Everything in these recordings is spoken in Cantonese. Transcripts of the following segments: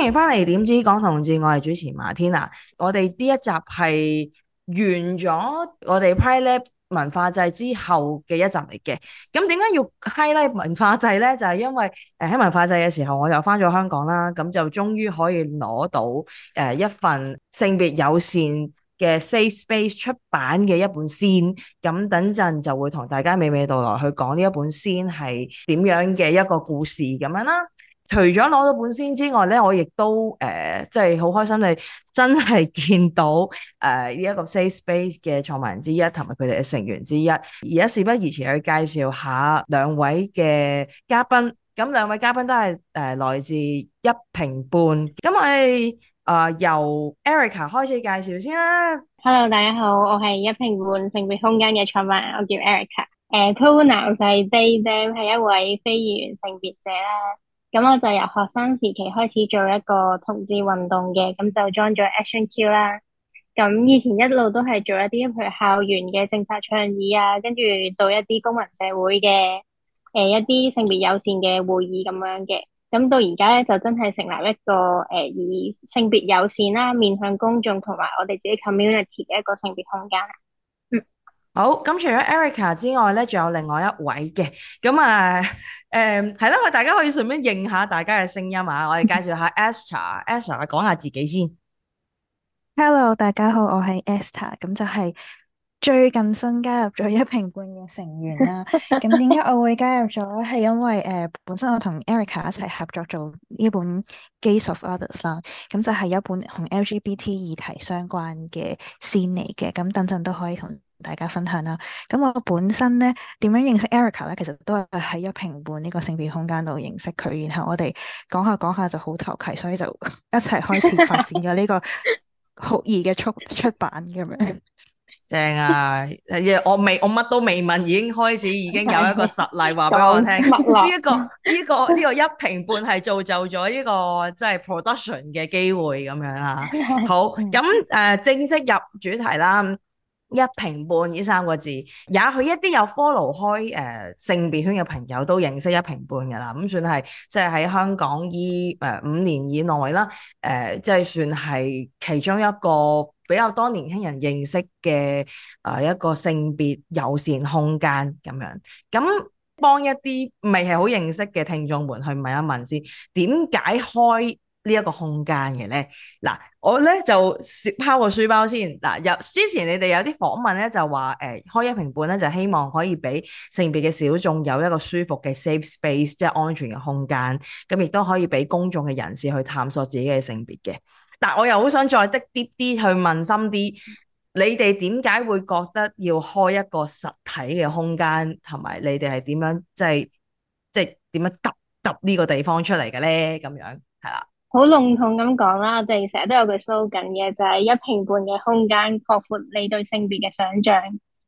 歡迎翻嚟，點知講同志，我係主持馬天娜。我哋呢一集係完咗我哋 Highlight 文化祭之後嘅一集嚟嘅。咁點解要 Highlight 文化祭咧？就係因為誒喺文化祭嘅時候，我又翻咗香港啦。咁就終於可以攞到誒一份性別友善嘅 Safe Space 出版嘅一本 Zine。咁等陣就會同大家娓娓道來，去講呢一本 Zine 係點樣嘅一個故事咁樣啦。除咗攞到本先之外咧，我亦都誒，即係好開心。你真係見到誒呢一個 Safe Space 嘅創辦人之一，同埋佢哋嘅成員之一。而家事不宜遲，去介紹下兩位嘅嘉賓。咁兩位嘉賓都係誒、呃、來自一坪半。咁我係誒、呃、由 Erica 開始介紹先啦。Hello，大家好，我係一坪半性別空間嘅創辦人，我叫 Erica。誒 pronoun they/them 係一位非二元性別者咧。咁我就由學生時期開始做一個同志運動嘅，咁就裝咗 ActionQ 啦。咁以前一路都係做一啲，譬如校園嘅政策倡議啊，跟住到一啲公民社會嘅，誒、呃、一啲性別友善嘅會議咁樣嘅。咁到而家咧就真係成立一個，誒、呃、以性別友善啦，面向公眾同埋我哋自己 community 嘅一個性別空間。嗯，好。咁除咗 Erica 之外咧，仲有另外一位嘅，咁啊。誒，係啦、um,，我大家可以順便認下大家嘅聲音啊！我哋介紹下 Astor，Astor 講下自己先。Hello，大家好，我係 Astor，咁就係、是。最近新加入咗一坪半嘅成員啦，咁點解我會加入咗咧？係因為誒、呃，本身我同 Erica 一齊合作做呢本《Case of Others》啦，咁就係一本同 LGBT 議題相關嘅 Zine 嚟嘅，咁等陣都可以同大家分享啦。咁我本身咧點樣認識 Erica 咧？其實都係喺一坪半呢個性別空間度認識佢，然後我哋講下講下就好投契，所以就一齊開始發展咗呢個酷兒嘅出出版咁樣。正啊！我未我乜都未問，已經開始已經有一個實例話俾我聽。呢一 Okay. 這個呢、這個呢、這個一坪半係造就咗呢、這個即係 production 嘅機會咁樣啊。好咁誒、呃，正式入主題啦。一坪半呢三個字，也許一啲有 follow 開誒、呃、性別圈嘅朋友都認識一坪半噶啦。咁算係即係喺香港依誒、呃、五年以內啦。誒、呃、即、就、係、是、算係其中一個比較多年輕人認識嘅誒一個性別友善空間咁樣，咁幫一啲未係好認識嘅聽眾們去問一問先，點解開呢一個空間嘅咧？嗱，我咧就拋個書包先。嗱，有之前你哋有啲訪問咧就話誒、欸、開一坪半咧就希望可以俾性別嘅小眾有一個舒服嘅 safe space，即係安全嘅空間，咁亦都可以俾公眾嘅人士去探索自己嘅性別嘅。但我又好想再的啲啲去問心啲，你哋點解會覺得要開一個實體嘅空間，同埋你哋係點樣，即係即係點樣揼揼呢個地方出嚟嘅咧？咁樣係啦，好籠統咁講啦，我哋成日都有句 slogan 嘅就係、是、一平半嘅空間擴闊你對性別嘅想象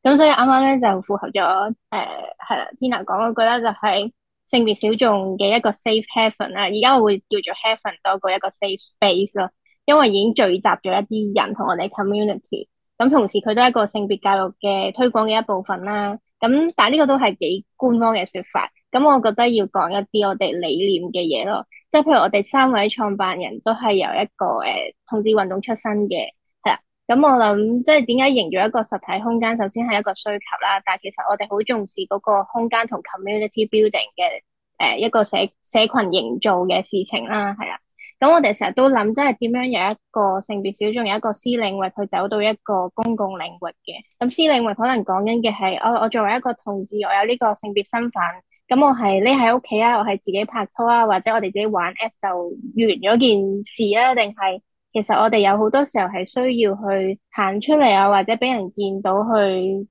咁，所以啱啱咧就符合咗誒係啦。Tina 講嗰句咧就係性別小眾嘅一個 safe haven 啦。而家我會叫做 haven 多過一個 safe space 咯。因為已經聚集咗一啲人同我哋 community，咁同時佢都係一個性別教育嘅推廣嘅一部分啦。咁但係呢個都係幾官方嘅說法。咁我覺得要講一啲我哋理念嘅嘢咯，即係譬如我哋三位創辦人都係由一個誒同志運動出身嘅，係啦。咁我諗即係點解營造一個實體空間，首先係一個需求啦。但係其實我哋好重視嗰個空間同 community building 嘅誒、呃、一個社社羣營造嘅事情啦，係啦。咁我哋成日都諗，即係點樣有一個性別小眾，有一個私領域去走到一個公共領域嘅。咁私領域可能講緊嘅係，我我作為一個同志，我有呢個性別身份，咁我係匿喺屋企啊，我係自己拍拖啊，或者我哋自己玩 app 就完咗件事啊。定係其實我哋有好多時候係需要去行出嚟，啊，或者俾人見到去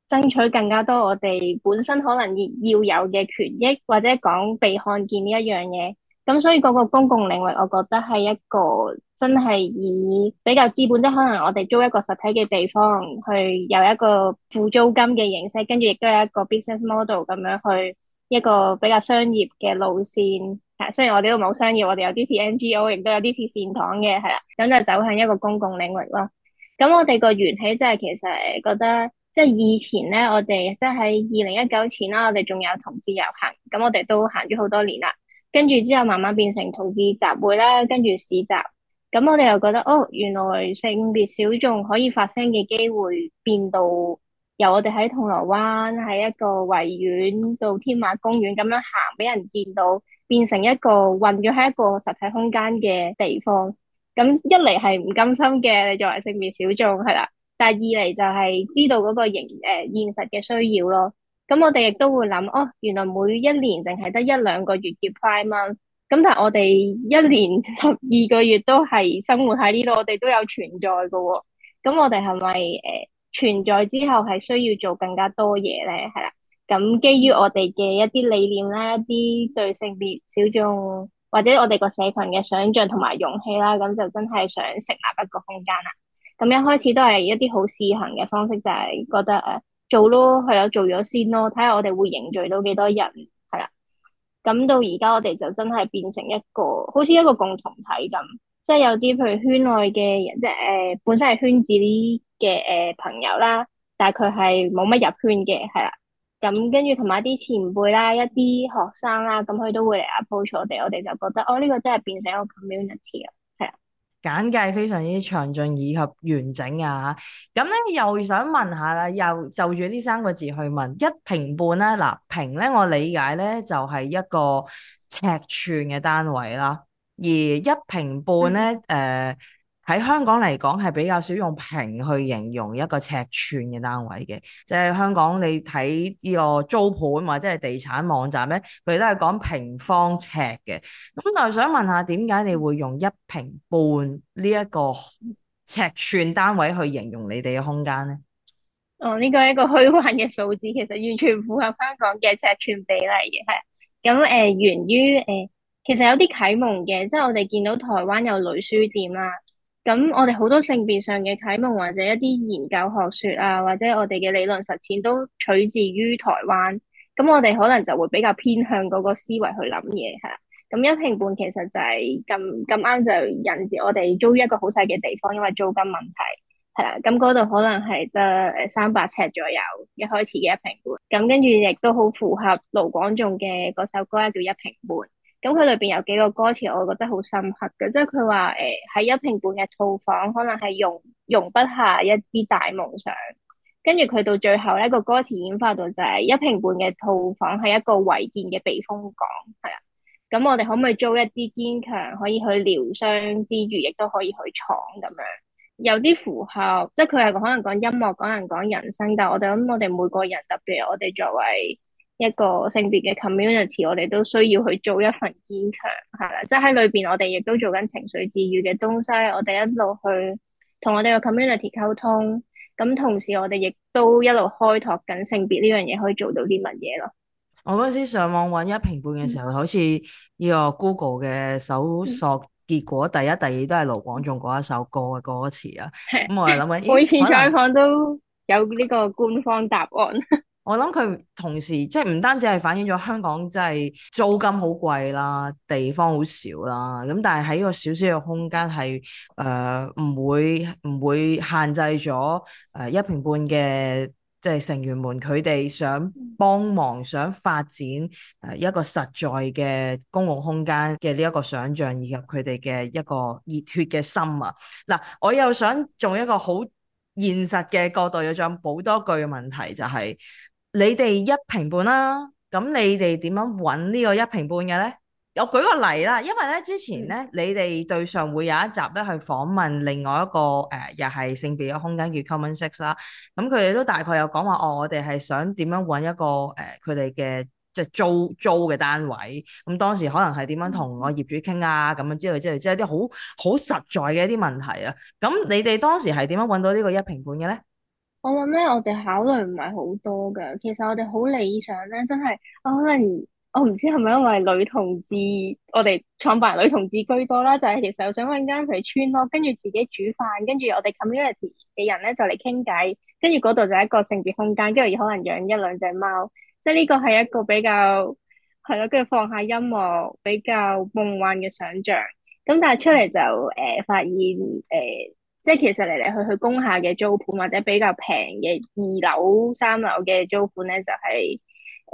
爭取更加多我哋本身可能要要有嘅權益，或者講被看見呢一樣嘢。咁所以嗰個公共領域，我覺得係一個真係以比較資本的，即係可能我哋租一個實體嘅地方去有一個付租金嘅形式，跟住亦都有一個 business model 咁樣去一個比較商業嘅路線。係雖然我哋呢度冇商業，我哋有啲似 NGO，亦都有啲似善堂嘅，係啦，咁就走向一個公共領域啦。咁我哋個緣起真係其實覺得，即係以前咧，我哋即係喺二零一九前啦，我哋仲有同志遊行，咁我哋都行咗好多年啦。跟住之後，慢慢變成同志集會啦，跟住市集。咁我哋又覺得，哦，原來性別小眾可以發聲嘅機會變到由我哋喺銅鑼灣喺一個維園到天馬公園咁樣行，俾人見到，變成一個混咗喺一個實體空間嘅地方。咁一嚟係唔甘心嘅，你作為性別小眾係啦，但二嚟就係知道嗰個形誒、呃、現實嘅需要咯。咁我哋亦都會諗，哦，原來每一年淨係得一兩個月結 Pride 啊！咁但係我哋一年十二個月都係生活喺呢度，我哋都有存在嘅喎、哦。咁我哋係咪誒存在之後係需要做更加多嘢咧？係啦，咁基於我哋嘅一啲理念啦，一啲對性別小眾或者我哋個社群嘅想像同埋勇氣啦，咁就真係想成立一個空間啦。咁一開始都係一啲好試行嘅方式，就係、是、覺得誒。呃做咯，係有做咗先咯，睇下我哋會凝聚到幾多人係啦。咁到而家我哋就真係變成一個好似一個共同體咁，即係有啲譬如圈內嘅人，即係誒、呃、本身係圈子嘅誒、呃、朋友啦，但係佢係冇乜入圈嘅係啦。咁、嗯嗯、跟住同埋啲前輩啦，一啲學生啦，咁佢都會嚟 approach 我哋，我哋就覺得哦，呢、這個真係變成一個 community 啊。簡介非常之詳盡以及完整啊，吓，咁咧又想問下啦，又就住呢三個字去問一坪半啦，嗱坪咧我理解咧就係一個尺寸嘅單位啦，而一坪半咧誒。嗯呃喺香港嚟講，係比較少用平去形容一個尺寸嘅單位嘅，即係香港你睇呢個租盤或者係地產網站咧，佢都係講平方尺嘅。咁就想問下，點解你會用一平半呢一個尺寸單位去形容你哋嘅空間咧？哦，呢個係一個虛幻嘅數字，其實完全符合香港嘅尺寸比例嘅。咁誒、呃，源於誒、呃，其實有啲啟蒙嘅，即係我哋見到台灣有女書店啦。咁我哋好多性別上嘅啟蒙，或者一啲研究學説啊，或者我哋嘅理論實踐都取自於台灣。咁我哋可能就會比較偏向嗰個思維去諗嘢，係啊。咁一坪半其實就係咁咁啱就引致我哋租一個好細嘅地方，因為租金問題，係啦。咁嗰度可能係得三百尺左右，一開始嘅一坪半。咁跟住亦都好符合盧廣仲嘅嗰首歌咧，叫一坪半。咁佢裏邊有幾個歌詞，我覺得好深刻嘅，即係佢話誒喺一坪半嘅套房，可能係容容不下一支大夢想。跟住佢到最後咧，一個歌詞演化到就係、是、一坪半嘅套房係一個違建嘅避風港，係啊。咁、嗯、我哋可唔可以租一啲堅強，可以去療傷之餘，亦都可以去闖咁樣？有啲符合，即係佢係可能講音樂，可能講人生，但係我諗我哋每個人，特別我哋作為。一個性別嘅 community，我哋都需要去做一份堅強，係啦。即係喺裏邊，我哋亦都做緊情緒治愈嘅東西。我哋一路去同我哋嘅 community 溝通，咁同時我哋亦都一路開拓緊性別呢樣嘢可以做到啲乜嘢咯。我嗰陣時上網揾一坪半嘅時候，嗯、好似呢個 Google 嘅搜索結果、嗯、第一、第二都係盧廣仲嗰一首歌嘅歌詞啊。咁的我係諗緊，每次採訪都有呢個官方答案。 我諗佢同時即係唔單止係反映咗香港即係租金好貴啦，地方好少啦，咁但係喺個小小嘅空間係誒唔會唔會限制咗誒、呃、一坪半嘅即係成員們佢哋想幫忙想發展誒一個實在嘅公共空間嘅呢一個想象，以及佢哋嘅一個熱血嘅心啊嗱，我又想做一個好現實嘅角度又想補多句嘅問題就係、是。你哋一坪半啦，咁你哋點樣搵呢個一坪半嘅咧？我舉個例啦，因為咧之前咧你哋對上會有一集咧去訪問另外一個誒，又、呃、係性別嘅空間叫 Common Sex 啦。咁佢哋都大概有講話，哦，我哋係想點樣搵一個誒，佢哋嘅即係租租嘅單位。咁當時可能係點樣同我業主傾啊，咁樣之類之類，即係啲好好實在嘅一啲問題啊。咁你哋當時係點樣搵到呢個一坪半嘅咧？我諗咧，我哋考慮唔係好多噶。其實我哋好理想咧，真係我可能我唔知係咪因為女同志，我哋創辦女同志居多啦。就係、是、其實我想搵間可以穿，咯，跟住自己煮飯，跟住我哋 community 嘅人咧就嚟傾偈。跟住嗰度就係一個性別空間，跟住可能養一兩隻貓，即係呢個係一個比較係咯，跟住放下音樂比較夢幻嘅想象。咁但係出嚟就誒、呃、發現誒。呃即係其實嚟嚟去去工廈嘅租盤，或者比較平嘅二樓、三樓嘅租盤咧，就係、是、誒、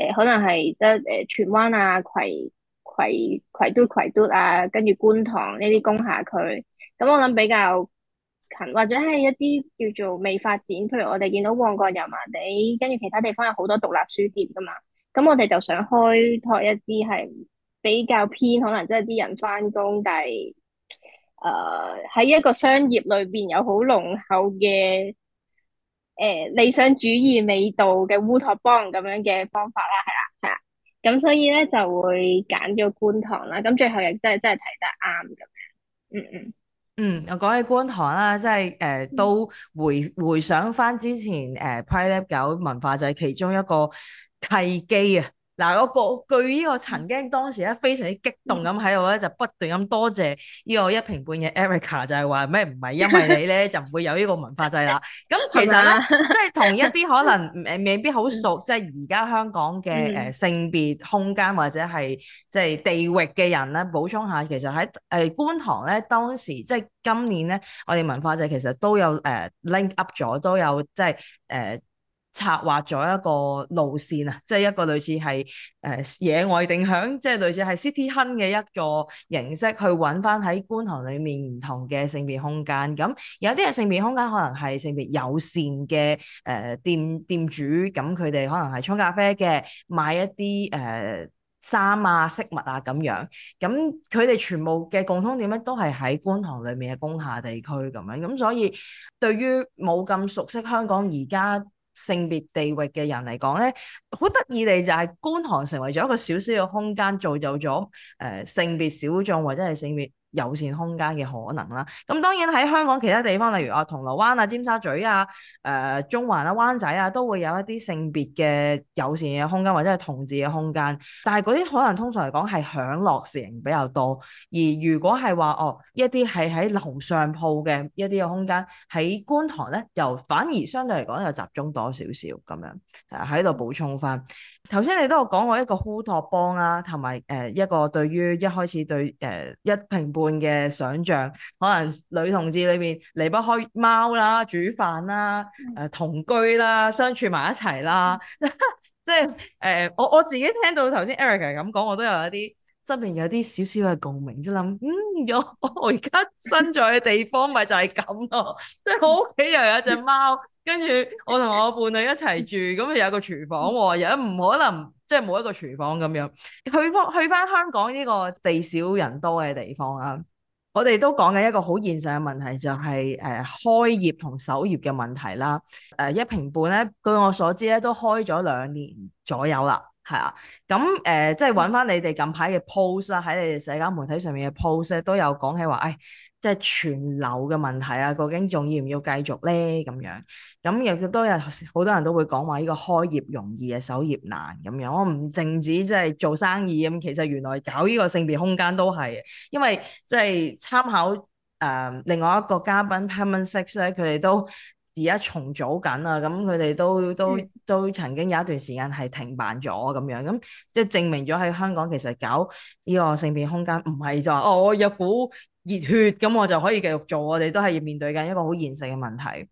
呃、可能係得誒荃灣啊葵葵葵、葵葵葵都、葵都啊，跟住觀塘呢啲工廈區。咁、嗯、我諗比較近，或者係一啲叫做未發展，譬如我哋見到旺角油麻地，跟住其他地方有好多獨立書店㗎嘛。咁、嗯、我哋就想開拓一啲係比較偏，可能即係啲人返工，但係。誒，喺、uh, 一個商業裏邊有好濃厚嘅誒理想主義味道嘅烏托邦咁樣嘅方法啦，係啊，係啊，咁所以咧就會揀咗觀塘啦，咁最後亦真係真係睇得啱咁樣。嗯嗯嗯，我講起觀塘啦，即係誒，都、呃嗯、回回想翻之前誒 PrideLab 九文化就係其中一個契機啊。嗱、啊，我個據呢個曾經當時咧非常之激動咁喺度，咧、嗯、就不斷咁多謝呢個一坪半嘅 Erica，就係話咩唔係因為你咧 就唔會有呢個文化祭啦。咁其實咧即係同一啲可能誒未必好熟，即係而家香港嘅誒、呃、性別空間或者係即係地域嘅人咧補充下，其實喺誒、呃、觀塘咧當時即係、就是、今年咧我哋文化祭其實都有誒 link up 咗，都有即係誒。呃策劃咗一個路線啊，即係一個類似係誒野外定向，即係類似係 city hunt 嘅一個形式去揾翻喺觀塘裏面唔同嘅性別空間。咁有啲嘅性別空間可能係性別友善嘅誒店店主，咁佢哋可能係沖咖啡嘅，買一啲誒衫啊飾物啊咁樣。咁佢哋全部嘅共通點咧，都係喺觀塘裏面嘅工廈地區咁樣。咁所以對於冇咁熟悉香港而家性別地域嘅人嚟講咧，好得意地就係觀塘成為咗一個小小嘅空間，造就咗誒、呃、性別小眾或者係性別有善空間嘅可能啦，咁當然喺香港其他地方，例如哦銅鑼灣啊、尖沙咀啊、誒、呃、中環啊、灣仔啊，都會有一啲性別嘅有善嘅空間或者係同志嘅空間，但係嗰啲可能通常嚟講係享樂性比較多，而如果係話哦一啲係喺樓上鋪嘅一啲嘅空間喺觀塘咧，又反而相對嚟講又集中多少少咁樣喺度補充翻。頭先你都有講過一個烏托邦啦、啊，同埋誒一個對於一開始對誒一坪半嘅想像，可能女同志裏面離不開貓啦、煮飯啦、誒、呃、同居啦、相處埋一齊啦，即係誒我我自己聽到頭先 Erica 咁講，我都有一啲，身邊有啲少少嘅共鳴，就諗嗯，有我而家身在嘅地方咪就係咁咯，即 係我屋企又有隻貓，跟住我同我伴侶一齊住，咁啊有個廚房喎，又唔可能即係冇一個廚房咁、啊就是、樣。去翻去翻香港呢個地少人多嘅地方啊，我哋都講緊一個好現實嘅問題，就是，就係誒開業同守業嘅問題啦。誒、呃、一坪半咧，據我所知咧，都開咗兩年左右啦。係啊，咁誒、呃，即係揾翻你哋近排嘅 post 啦，喺你哋社交媒體上面嘅 posts，都有講起話，誒，即係全樓嘅問題啊，究竟仲要唔要繼續咧？咁樣，咁亦都有好多人都會講話呢個開業容易啊，守業難咁樣。我唔淨止即係做生意咁，其實原來搞呢個性別空間都係，因為即係參考誒、呃、另外一個嘉賓 Permansex 咧，佢哋都。而家重組緊啊，咁佢哋都都都曾經有一段時間係停辦咗咁、嗯、樣，咁即係證明咗喺香港其實搞呢個性別空間唔係就話哦，我有股熱血，咁我就可以繼續做，我哋都係要面對緊一個好現實嘅問題。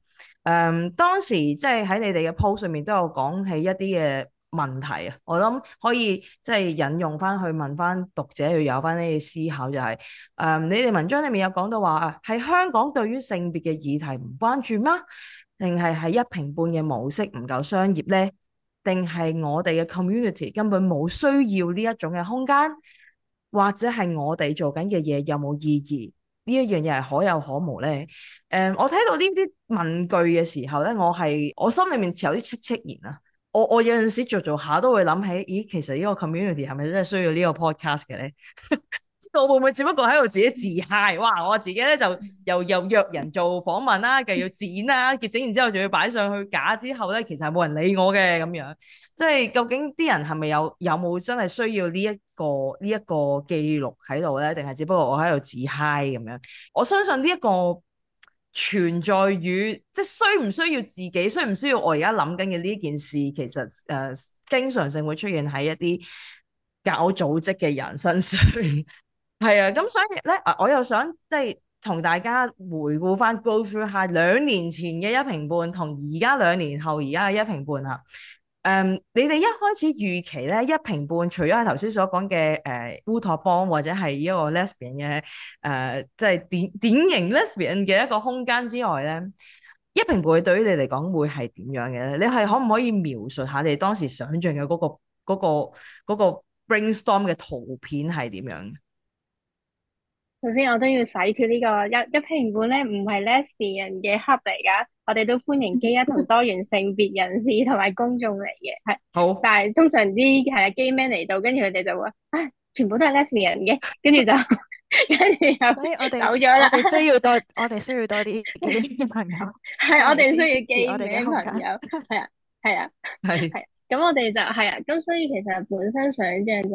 誒、um, 當時即係喺你哋嘅 post 上面都有講起一啲嘅問題啊！我諗可以即係引用翻去問翻讀者去有翻呢啲思考、就是，就係誒你哋文章裡面有講到話喺、啊、香港對於性別嘅議題唔關注嗎？定係喺一坪半嘅模式唔夠商業呢？定係我哋嘅 community 根本冇需要呢一種嘅空間，或者係我哋做緊嘅嘢有冇意義？呢一樣嘢係可有可無呢？誒、呃，我睇到呢啲問句嘅時候呢，我係我心裡面有啲戚戚然啊！我我有陣時做做下都會諗起，咦，其實呢個 community 係咪真係需要呢個 podcast 嘅咧？ 我會唔會只不過喺度自己自嗨？哇！我自己咧就又又約人做訪問啦，又要剪啦，整完之後仲要擺上去架之後咧，其實係冇人理我嘅咁樣。即係究竟啲人係咪有有冇真係需要呢一個呢一個記錄喺度咧？定係只不過我喺度自嗨咁樣？我相信呢一個。存在於，即係需唔需要自己需唔需要我而家諗緊嘅呢件事，其實誒、呃，經常性會出現喺一啲搞組織嘅人身上，係 啊，咁所以咧，我又想即係同大家回顧翻，go through 下兩年前嘅一坪半同而家兩年後而家嘅一坪半啊。誒，um, 你哋一開始預期咧，一坪半，除咗係頭先所講嘅誒烏托邦或者係一個 lesbian 嘅誒，即、呃、係、即係、典典型 lesbian 嘅一個空間之外咧，一坪半對於你嚟講會係點樣嘅咧？你係可唔可以描述下你當時想像嘅嗰個嗰嗰、嗰個、嗰個、brainstorm 嘅圖片係點樣？首先，我都要洗脫呢、這個一一坪半咧，唔係 lesbian 嘅 Hub 嚟噶。我哋都歡迎 gay 一同多元性別人士同埋公眾嚟嘅，係。好。但係通常啲係啊 gay men 嚟到，跟住佢哋就會啊，全部都係 lesbian 嘅，跟住就跟住 就走咗啦。我哋需要多，我哋需要多啲 gay 朋友。係， 我哋需要 gay 嘅 朋友。係啊，係啊，係。咁我哋就係啊，咁、啊啊 啊啊、所以其實本身想象就係、是、誒。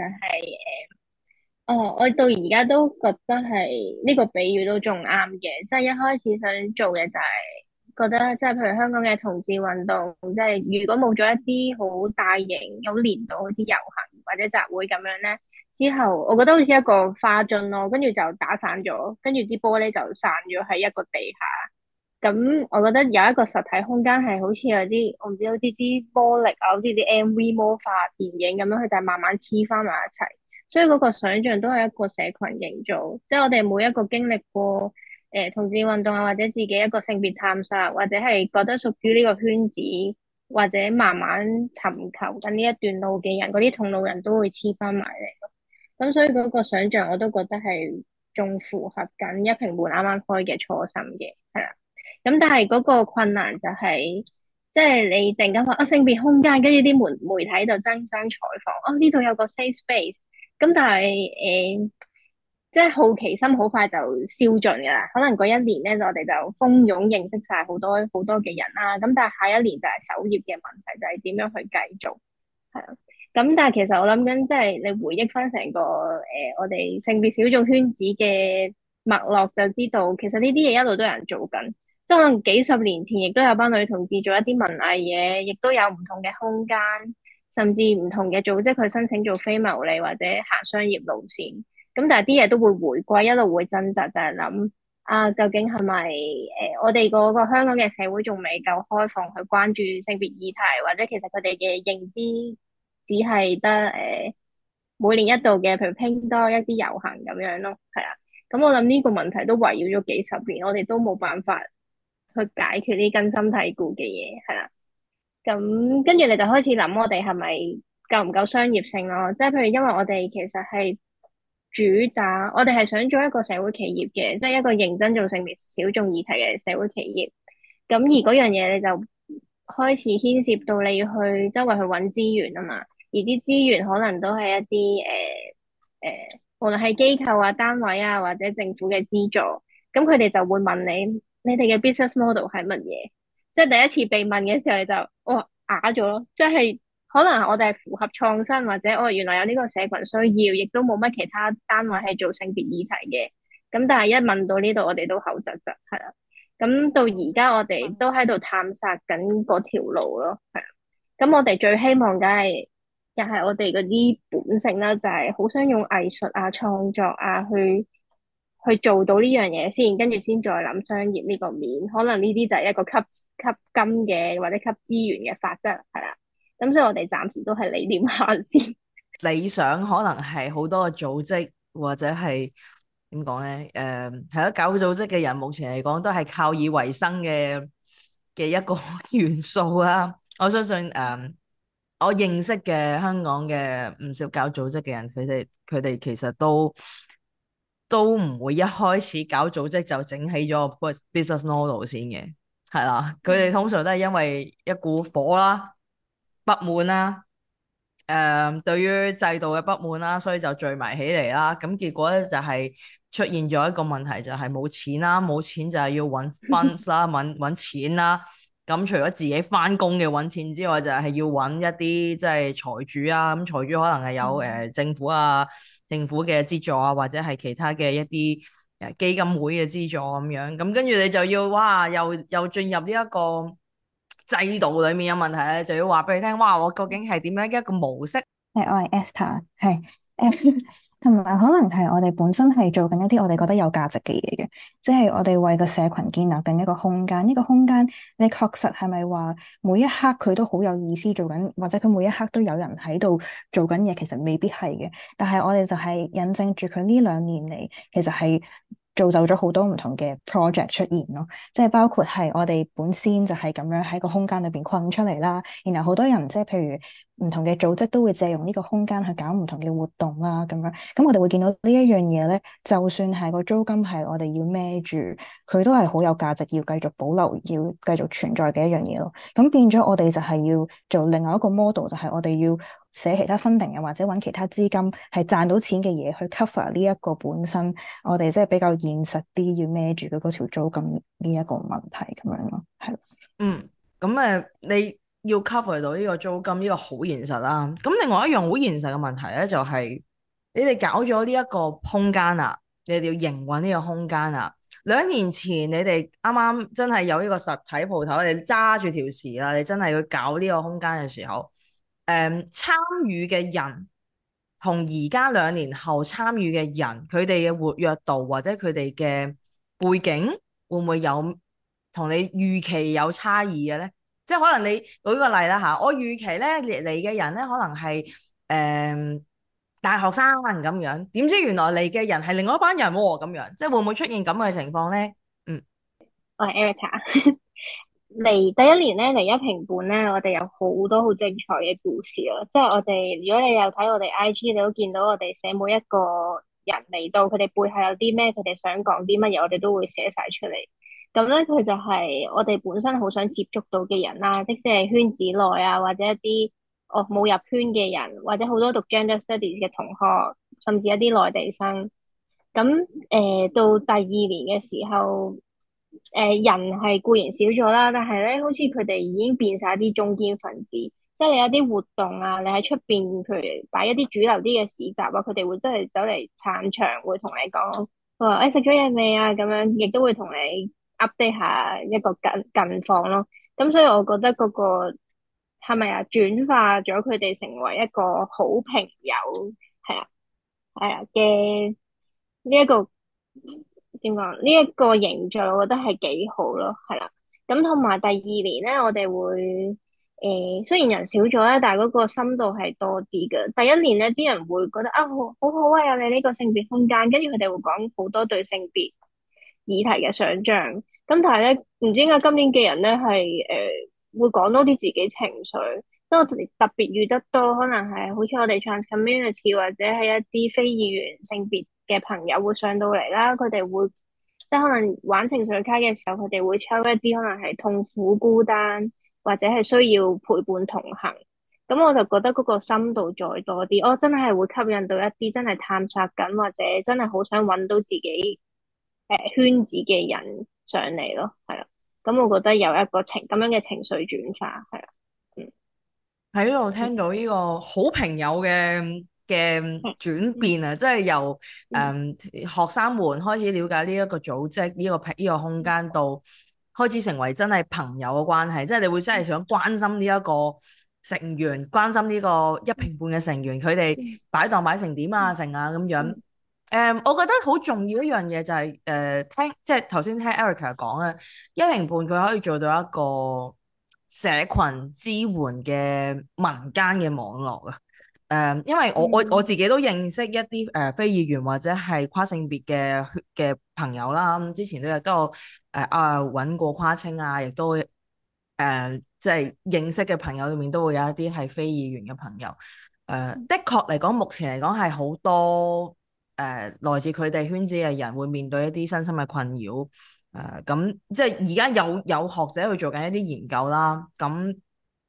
哦，我到而家都覺得係呢個比喻都仲啱嘅，即係一開始想做嘅就係覺得，即係譬如香港嘅同志運動，即係如果冇咗一啲好大型、好年度好似遊行或者集會咁樣咧，之後我覺得好似一個花樽咯，跟住就打散咗，跟住啲玻璃就散咗喺一個地下。咁我覺得有一個實體空間係好似有啲，我唔知好似啲玻璃啊，好似啲 MV 魔法電影咁樣，佢就係慢慢黐翻埋一齊。所以嗰個想像都係一個社群營造，即係我哋每一個經歷過誒同志運動啊，或者自己一個性別探索，或者係覺得屬於呢個圈子，或者慢慢尋求緊呢一段路嘅人，嗰啲同路人都會黐翻埋嚟咯。咁所以嗰個想像我都覺得係仲符合緊一坪半啱啱開嘅初心嘅，係啦。咁但係嗰個困難就係，即係你突然間話啊性別空間，跟住啲媒媒體就爭相採訪，哦呢度有個 safe space。咁但係誒、呃，即係好奇心好快就消盡噶啦。可能嗰一年咧，我哋就蜂擁認識晒好多好多嘅人啦。咁但係下一年就係守業嘅問題，就係、係、點樣去繼續？係啊。咁但係其實我諗緊，即係你回憶翻成個誒、呃，我哋性別小眾圈子嘅脈絡，就知道其實呢啲嘢一路都有人做緊。即係可能幾十年前，亦都有班女同志做一啲文藝嘢，亦都有唔同嘅空間。甚至唔同嘅組織佢申請做非牟利或者行商業路線，咁但係啲嘢都會回歸，一路會掙扎就係、是、諗啊，究竟係咪誒我哋嗰個香港嘅社會仲未夠開放去關注性別議題，或者其實佢哋嘅認知只係得誒、呃、每年一度嘅，譬如拼多一啲遊行咁樣咯，係啦。咁、嗯、我諗呢個問題都圍繞咗幾十年，我哋都冇辦法去解決啲根深蒂固嘅嘢，係啦。咁跟住，你就開始諗我哋係咪夠唔夠商業性咯？即係譬如，因為我哋其實係主打，我哋係想做一個社會企業嘅，即係一個認真做性別小眾議題嘅社會企業，咁而嗰樣嘢你就開始牽涉到你要去周圍去揾資源啊嘛。而啲資源可能都係一啲誒誒無論係機構啊、單位啊，或者政府嘅資助。咁佢哋就會問你，你哋嘅 business model 係乜嘢？即係第一次被問嘅時候，你就哦啞咗咯。即係可能我哋係符合創新，或者哦原來有呢個社群需要，亦都冇乜其他單位係做性別議題嘅。咁但係一問到呢度，我哋都口窒窒，係啦。咁到而家我哋都喺度探索緊嗰條路咯，係啊。咁、嗯嗯、我哋最希望梗係又係我哋嗰啲本性啦，就係、是、好想用藝術啊、創作啊去。去做到呢樣嘢先，跟住先再諗商業呢個面，可能呢啲就係一個吸吸金嘅或者吸資源嘅法則，係啦。咁所以我哋暫時都係理念下先。理想可能係好多個組織或者係點講咧？誒，係、呃、咯，搞組織嘅人目前嚟講都係靠以為生嘅嘅一個元素啊。我相信誒、呃，我認識嘅香港嘅唔少搞組織嘅人，佢哋佢哋其實都。都唔會一開始搞組織就整起咗個 business model 先嘅，係啦。佢哋通常都係因為一股火啦、不滿啦、誒、呃、對於制度嘅不滿啦，所以就聚埋起嚟啦。咁結果咧就係出現咗一個問題，就係、是、冇錢啦，冇錢就係要揾 funds 啦，揾揾錢啦。咁除咗自己翻工嘅揾錢之外，就係、是、要揾一啲即係財主啊。咁財主可能係有誒、嗯呃、政府啊。政府嘅資助啊，或者係其他嘅一啲誒基金會嘅資助咁樣，咁跟住你就要哇，又又進入呢一個制度裏面有問題咧，就要話俾你聽，哇！我究竟係點樣嘅一個模式 l e s t 同埋可能係我哋本身係做緊一啲我哋覺得有價值嘅嘢嘅，即係我哋為個社群建立緊一個空間。呢個空間你確實係咪話每一刻佢都好有意思做緊，或者佢每一刻都有人喺度做緊嘢，其實未必係嘅。但係我哋就係引證住佢呢兩年嚟，其實係。造就咗好多唔同嘅 project 出現咯，即係包括係我哋本身就係咁樣喺個空間裏邊困出嚟啦。然後好多人即係譬如唔同嘅組織都會借用呢個空間去搞唔同嘅活動啦，咁樣咁我哋會見到呢一樣嘢咧，就算係個租金係我哋要孭住，佢都係好有價值要繼續保留要繼續存在嘅一樣嘢咯。咁變咗我哋就係要做另外一個 model，就係我哋要。寫其他分庭啊，或者揾其他資金係賺到錢嘅嘢去 cover 呢一個本身我哋即係比較現實啲要孭住佢嗰條租金呢一個問題咁樣咯，係咯、嗯。嗯，咁、嗯、誒你要 cover 到呢個租金呢、呢個好現實啦。咁另外一樣好現實嘅問題咧、就係，就係你哋搞咗呢一個空間啊，你哋要營運呢個空間啊。兩年前你哋啱啱真係有呢個實體鋪頭，你揸住條匙啦，你真係要搞呢個空間嘅時候。誒、嗯、參與嘅人同而家兩年後參與嘅人，佢哋嘅活躍度或者佢哋嘅背景會唔會有同你預期有差異嘅咧？即係可能你舉個例啦嚇，我預期咧嚟嘅人咧可能係誒、嗯、大學生可能咁樣，點知原來嚟嘅人係另外一班人喎咁樣，即係會唔會出現咁嘅情況咧？嗯，我係 Erica。 嚟第一年呢嚟一坪半呢，我哋有好多好精彩嘅故事咯。即係我哋，如果你有睇我哋 I G，你都見到我哋寫每一個人嚟到，佢哋背後有啲咩，佢哋想講啲乜嘢，我哋都會寫晒出嚟。咁呢，佢就係我哋本身好想接觸到嘅人啦、啊，即使係圈子內啊，或者一啲我冇入圈嘅人，或者好多讀 Gender Studies 嘅同學，甚至一啲內地生。咁誒、呃，到第二年嘅時候。誒、呃、人係固然少咗啦，但係咧，好似佢哋已經變晒啲中堅分子。即係你有啲活動啊，你喺出邊譬如擺一啲主流啲嘅市集啊，佢哋會真係走嚟撐場會，會同你講，喂，食咗嘢未啊？咁樣亦都會同你 update 下一個近近況咯。咁所以我覺得嗰、那個係咪啊，轉化咗佢哋成為一個好朋友係啊係啊嘅呢一個。點講呢一個形象，我覺得係幾好咯，係啦。咁同埋第二年咧，我哋會誒、呃，雖然人少咗咧，但係嗰個深度係多啲嘅。第一年咧，啲人會覺得啊，好好啊，有你呢個性別空間，跟住佢哋會講好多對性別議題嘅想象咁但係咧，唔知點解今年嘅人咧係誒，會講多啲自己情緒，即係特別遇得多，可能係好似我哋 trans community 或者係一啲非二元性別。嘅朋友會上到嚟啦，佢哋會即係可能玩情緒卡嘅時候，佢哋會抽一啲可能係痛苦、孤單或者係需要陪伴同行。咁我就覺得嗰個深度再多啲，我真係會吸引到一啲真係探索緊或者真係好想搵到自己誒、呃、圈子嘅人上嚟咯，係啊。咁我覺得有一個情咁樣嘅情緒轉化，係啊，嗯，喺呢度聽到呢個好朋友嘅。嘅轉變啊，即係由誒、嗯、學生們開始了解呢一個組織、呢、呢個呢、呢個空間，到開始成為真係朋友嘅關係。即係你會真係想關心呢一個成員，關心呢個一坪半嘅成員，佢哋擺檔擺成點啊、成啊咁樣。誒、嗯，我覺得好重要一樣嘢就係、係、誒、呃、聽，即係頭先聽 Erica 講啊，一坪半佢可以做到一個社群支援嘅民間嘅網絡啊。誒，因為我我我自己都認識一啲誒、呃、非二元或者係跨性別嘅嘅朋友啦，咁之前都有都我啊揾過「跨青」啊，亦都誒即係認識嘅朋友裏面都會有一啲係非二元嘅朋友。誒、呃，的確嚟講，目前嚟講係好多誒、呃、來自佢哋圈子嘅人會面對一啲身心嘅困擾。誒、呃，咁即係而家有有學者去做緊一啲研究啦。咁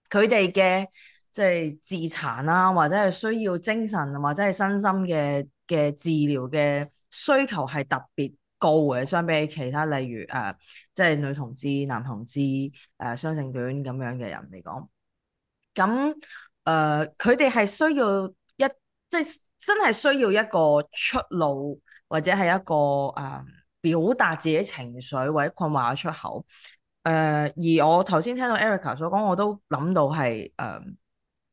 佢哋嘅即係自殘啊，或者係需要精神或者係身心嘅嘅治療嘅需求係特別高嘅，相比起其他例如誒、呃、即係女同志、男同志誒雙、呃、性戀咁樣嘅人嚟講，咁誒佢哋係需要一即係真係需要一個出路，或者係一個誒、呃、表達自己情緒或者困惑嘅出口。誒、呃、而我頭先聽到 Erica 所講，我都諗到係誒。呃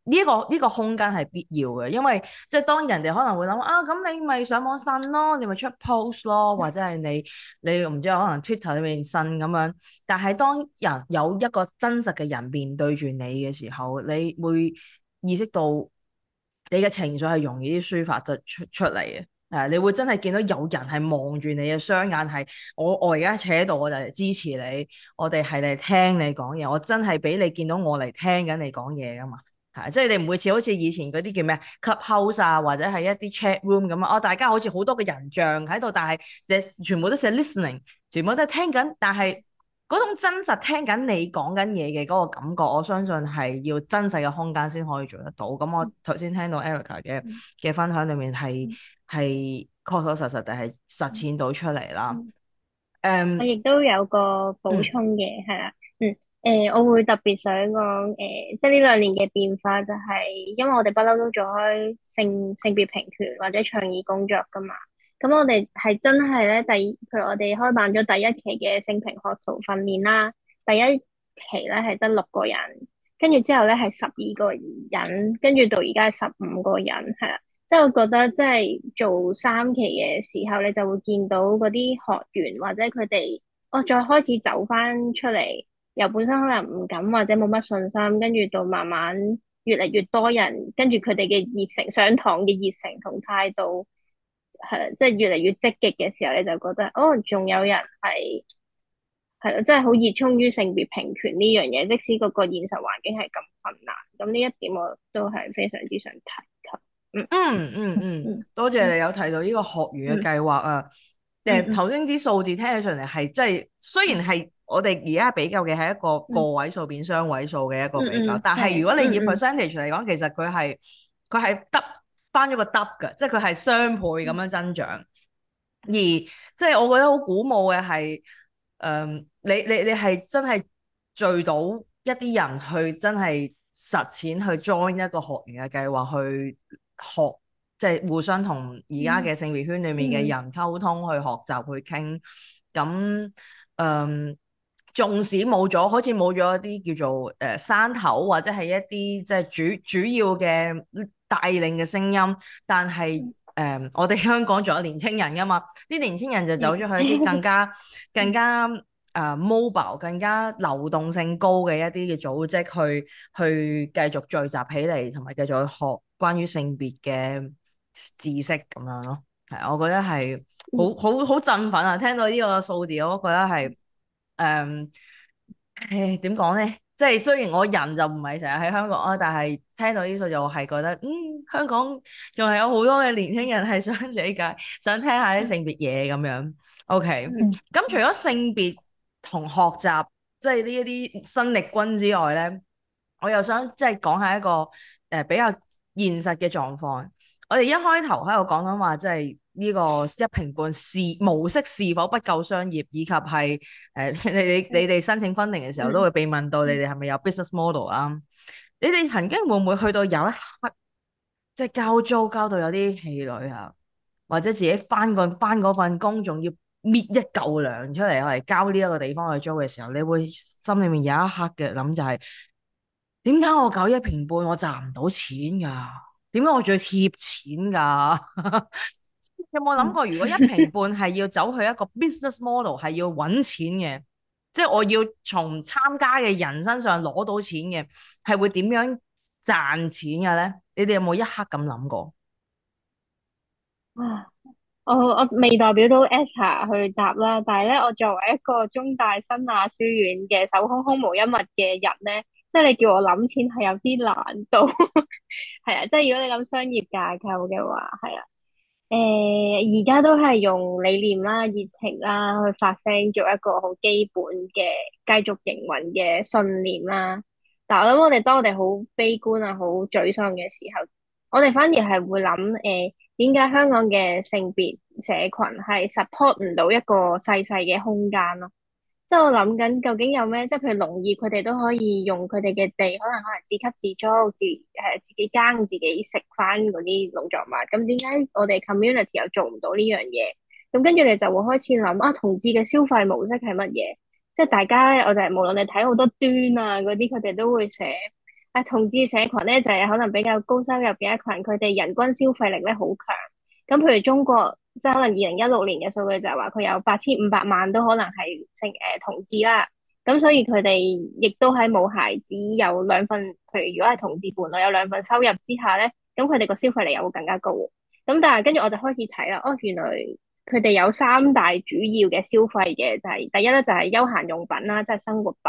呢一、個呢個空間係必要嘅，因為即係當人哋可能會諗啊，咁你咪上網信咯，你咪出 post 咯，或者係你你唔知可能 Twitter 裏面信咁樣。但係當人有一個真實嘅人面對住你嘅時候，你會意識到你嘅情緒係容易啲抒發得出出嚟嘅。誒，你會真係見到有人係望住你嘅雙眼係我，我而家企喺度，我就係支持你。我哋係嚟聽你講嘢，我真係俾你見到我嚟聽緊你講嘢㗎嘛。係，即係你唔會似好似以前嗰啲叫咩 clubhouse、啊、或者係一啲 chat room 咁啊，哦，大家好似好多個人像喺度，但係誒全部都寫 listening，全部都聽緊，但係嗰種真實聽緊你講緊嘢嘅嗰個感覺，我相信係要真實嘅空間先可以做得到。咁我頭先聽到 Erica 嘅嘅分享裡面係係確確實實地係實踐到出嚟啦。誒、嗯，um, 我亦都有個補充嘅，係啦、嗯。誒、呃，我會特別想講誒、呃，即係呢兩年嘅變化就係、是，因為我哋不嬲都做開性性別平權或者倡議工作㗎嘛。咁我哋係真係咧，第，譬如我哋開辦咗第一期嘅性平學徒訓練啦，第一期咧係得六個人，跟住之後咧係十二個人，跟住到而家係十五個人，係啦。即係我覺得，即係做三期嘅時候，你就會見到嗰啲學員或者佢哋，我再開始走翻出嚟。由本身可能唔敢或者冇乜信心，跟住到慢慢越嚟越多人，跟住佢哋嘅熱情、上堂嘅熱情同態度，係即係越嚟越積極嘅時候，你就覺得哦，仲有人係係咯，真係好熱衷於性別平權呢樣嘢，即使個個現實環境係咁困難，咁呢一點我都係非常之想提及。嗯嗯嗯嗯，嗯嗯嗯多謝你有提到呢個學員嘅計劃啊！誒頭先啲數字聽起上嚟係即係雖然係我哋而家比較嘅係一個個位數變雙位數嘅一個比較，嗯、但係如果你以 percentage 嚟講，其實佢係佢係 double，o 翻咗個 double o 㗎，即係佢係雙倍咁樣增長。嗯、而即係我覺得好鼓舞嘅係，誒、呃、你你你係真係聚到一啲人去真係實踐去 join 一個學員嘅計劃去學。即係互相同而家嘅性別圈裡面嘅人溝通、mm hmm. 去學習去傾咁，誒、呃，縱使冇咗好似冇咗一啲叫做誒、呃、山頭或者係一啲即係主主要嘅帶領嘅聲音，但係誒、呃，我哋香港仲有年青人㗎嘛？啲年青人就走出去一啲更加、mm hmm. 更加誒、呃、mobile、更加流動性高嘅一啲嘅組織去去，去繼續聚集起嚟，同埋繼續去學關於性別嘅。知識咁樣咯，係啊，我覺得係好好好振奮啊！聽到呢個數字，我都覺得係誒，點講咧？即係雖然我人就唔係成日喺香港啦，但係聽到呢個數字，我係覺得嗯，香港仲係有好多嘅年輕人係想理解、想聽下啲性別嘢咁樣。OK，咁除咗性別同學習，即係呢一啲新力軍之外咧，我又想即係講下一個誒、呃、比較現實嘅狀況。我哋一開頭喺度講緊話，即係呢個一坪半是模式是否不夠商業，以及係誒、呃、你你你哋申請婚攤嘅時候都會被問到，你哋係咪有 business model 啊？ 你哋曾經會唔會去到有一刻，即係交租交到有啲氣餒啊，或者自己翻個翻嗰份工，仲要搣一嚿糧出嚟嚟交呢一個地方去租嘅時候，你會心裡面有一刻嘅諗就係點解我搞一坪半，我賺唔到錢㗎？點解我仲要貼錢㗎？ 有冇諗過？如果一坪半係要走去一個 business model 係要揾錢嘅，即係我要從參加嘅人身上攞到錢嘅，係會點樣賺錢嘅咧？你哋有冇一刻咁諗過？啊！ 我我未代表到 Astor 去答啦，但係咧，我作為一個中大新亞書院嘅手空空無一物嘅人咧。即係你叫我諗錢係有啲難度，係 啊！即係如果你諗商業架構嘅話，係啊。誒、呃，而家都係用理念啦、熱情啦去發聲，做一個好基本嘅繼續營運嘅信念啦。但，我諗我哋當我哋好悲觀啊、好沮喪嘅時候，我哋反而係會諗誒點解香港嘅性別社群係 support 唔到一個細細嘅空間咯、啊。即係我諗緊，究竟有咩？即係譬如農業，佢哋都可以用佢哋嘅地，可能可能自給自足，自係、呃、自己耕自己食翻嗰啲農作物。咁點解我哋 community 又做唔到呢樣嘢？咁跟住你就會開始諗啊，同志嘅消費模式係乜嘢？即係大家，我就係、是、無論你睇好多端啊嗰啲，佢哋都會寫啊，同志社群咧就係、是、可能比較高收入嘅一群，佢哋人均消費力咧好強。咁譬如中國。即係可能二零一六年嘅數據就係話佢有八千五百萬都可能係成誒、呃、同志啦，咁所以佢哋亦都喺冇孩子有兩份，譬如如果係同志伴咯伴侶，有兩份收入之下咧，咁佢哋個消費力又會更加高。咁但係跟住我就開始睇啦，哦，原來佢哋有三大主要嘅消費嘅、就是，就係第一咧就係休閒用品啦，即、就、係、是、生活品、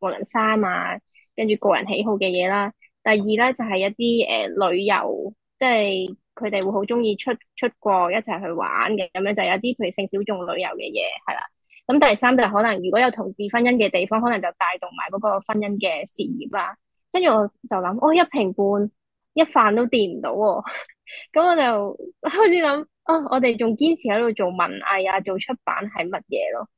無論衫啊，跟住個人喜好嘅嘢啦。第二咧就係、是、一啲誒、呃、旅遊，即、就、係、是。佢哋會好中意出出國一齊去玩嘅，咁樣就有啲譬如性小眾旅遊嘅嘢係啦。咁第三就可能如果有同志婚姻嘅地方，可能就帶動埋嗰個婚姻嘅事業啦。跟住我就諗，哦，一坪半一飯都掂唔到喎。咁 我就開始諗，哦，我哋仲堅持喺度做文藝啊，做出版係乜嘢咯？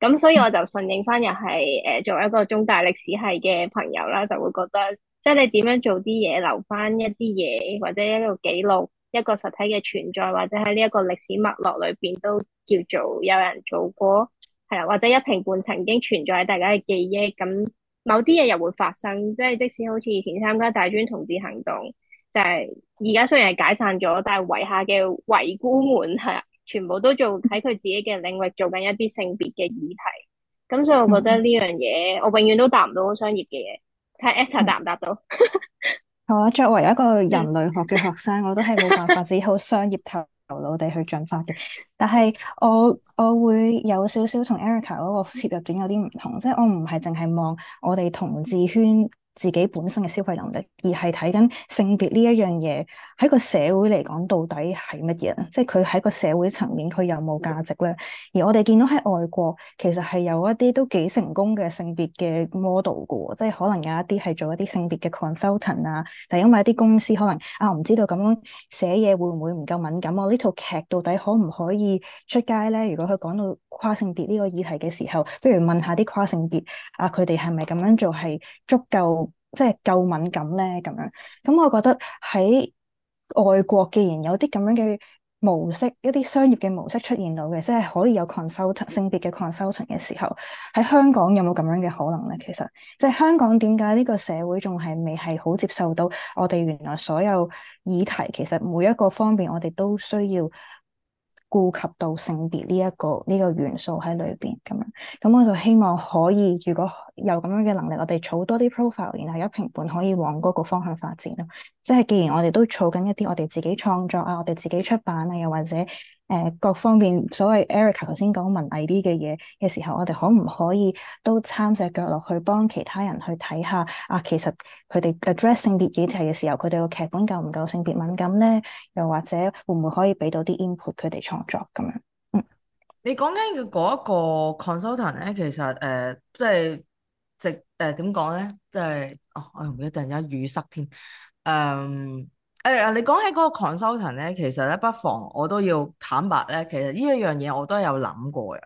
咁所以我就順應翻，又係誒做一個中大歷史系嘅朋友啦，就會覺得即係你點樣做啲嘢，留翻一啲嘢或者一個記錄。一個實體嘅存在，或者喺呢一個歷史脈絡裏邊都叫做有人做過，係啊，或者一坪半曾經存在，喺大家嘅記憶。咁某啲嘢又會發生，即係即使好似以前參加大專同志行動，就係而家雖然係解散咗，但係遺下嘅遺孤們係啊，全部都做喺佢自己嘅領域做緊一啲性別嘅議題。咁所以我覺得呢樣嘢，嗯、我永遠都答唔到商業嘅嘢。睇 Astor 答唔答到？嗯 好，作為一個人類學嘅學生，我都係冇辦法，只好商業頭腦地去進化嘅。但係我我會有少少同 Erica 嗰個切入點有啲唔同，即係我唔係淨係望我哋同志圈。自己本身嘅消費能力，而係睇緊性別呢一樣嘢，喺個社會嚟講到底係乜嘢？即係佢喺個社會層面佢有冇價值咧？而我哋見到喺外國其實係有一啲都幾成功嘅性別嘅 model 嘅喎，即係可能有一啲係做一啲性別嘅 consultant 啊，就因為一啲公司可能啊，唔知道咁樣寫嘢會唔會唔夠敏感？我呢套劇到底可唔可以出街咧？如果佢講到跨性別呢個議題嘅時候，不如問下啲跨性別啊，佢哋係咪咁樣做係足夠？即係夠敏感咧，咁樣咁、嗯，我覺得喺外國既然有啲咁樣嘅模式，一啲商業嘅模式出現到嘅，即係可以有 consultant 性別嘅 consultant 嘅時候，喺香港有冇咁樣嘅可能咧？其實，即係香港點解呢個社會仲係未係好接受到我哋原來所有議題，其實每一個方面我哋都需要。顧及到性別呢一個呢個元素喺裏邊咁樣，咁我就希望可以，如果有咁樣嘅能力，我哋儲多啲 profile，然後有評判可以往嗰個方向發展咯。即係既然我哋都儲緊一啲我哋自己創作啊，我哋自己出版啊，又或者。誒、呃、各方面所謂 Erica 頭先講文藝啲嘅嘢嘅時候，我哋可唔可以都參隻腳落去幫其他人去睇下啊？其實佢哋 address 性別議題嘅時候，佢哋個劇本夠唔夠性別敏感咧？又或者會唔會可以俾到啲 input 佢哋創作咁樣？嗯、你講緊嘅嗰一個 consultant 咧，其實誒即係直誒點講咧，即、呃、係、就是、哦，我唔一定突然間語塞添誒。嗯誒啊、哎！你講起嗰個 consultant 咧，其實咧不妨我都要坦白咧，其實呢一樣嘢我都有諗過嘅，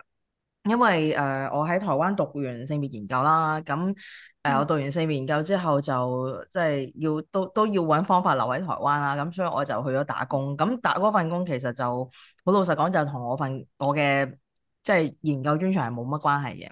因為誒、呃、我喺台灣讀完性別研究啦，咁誒、呃、我讀完性別研究之後就即係、就是、要都都要揾方法留喺台灣啦，咁所以我就去咗打工，咁打嗰份工其實就好老實講就同我份我嘅即係研究專長係冇乜關係嘅，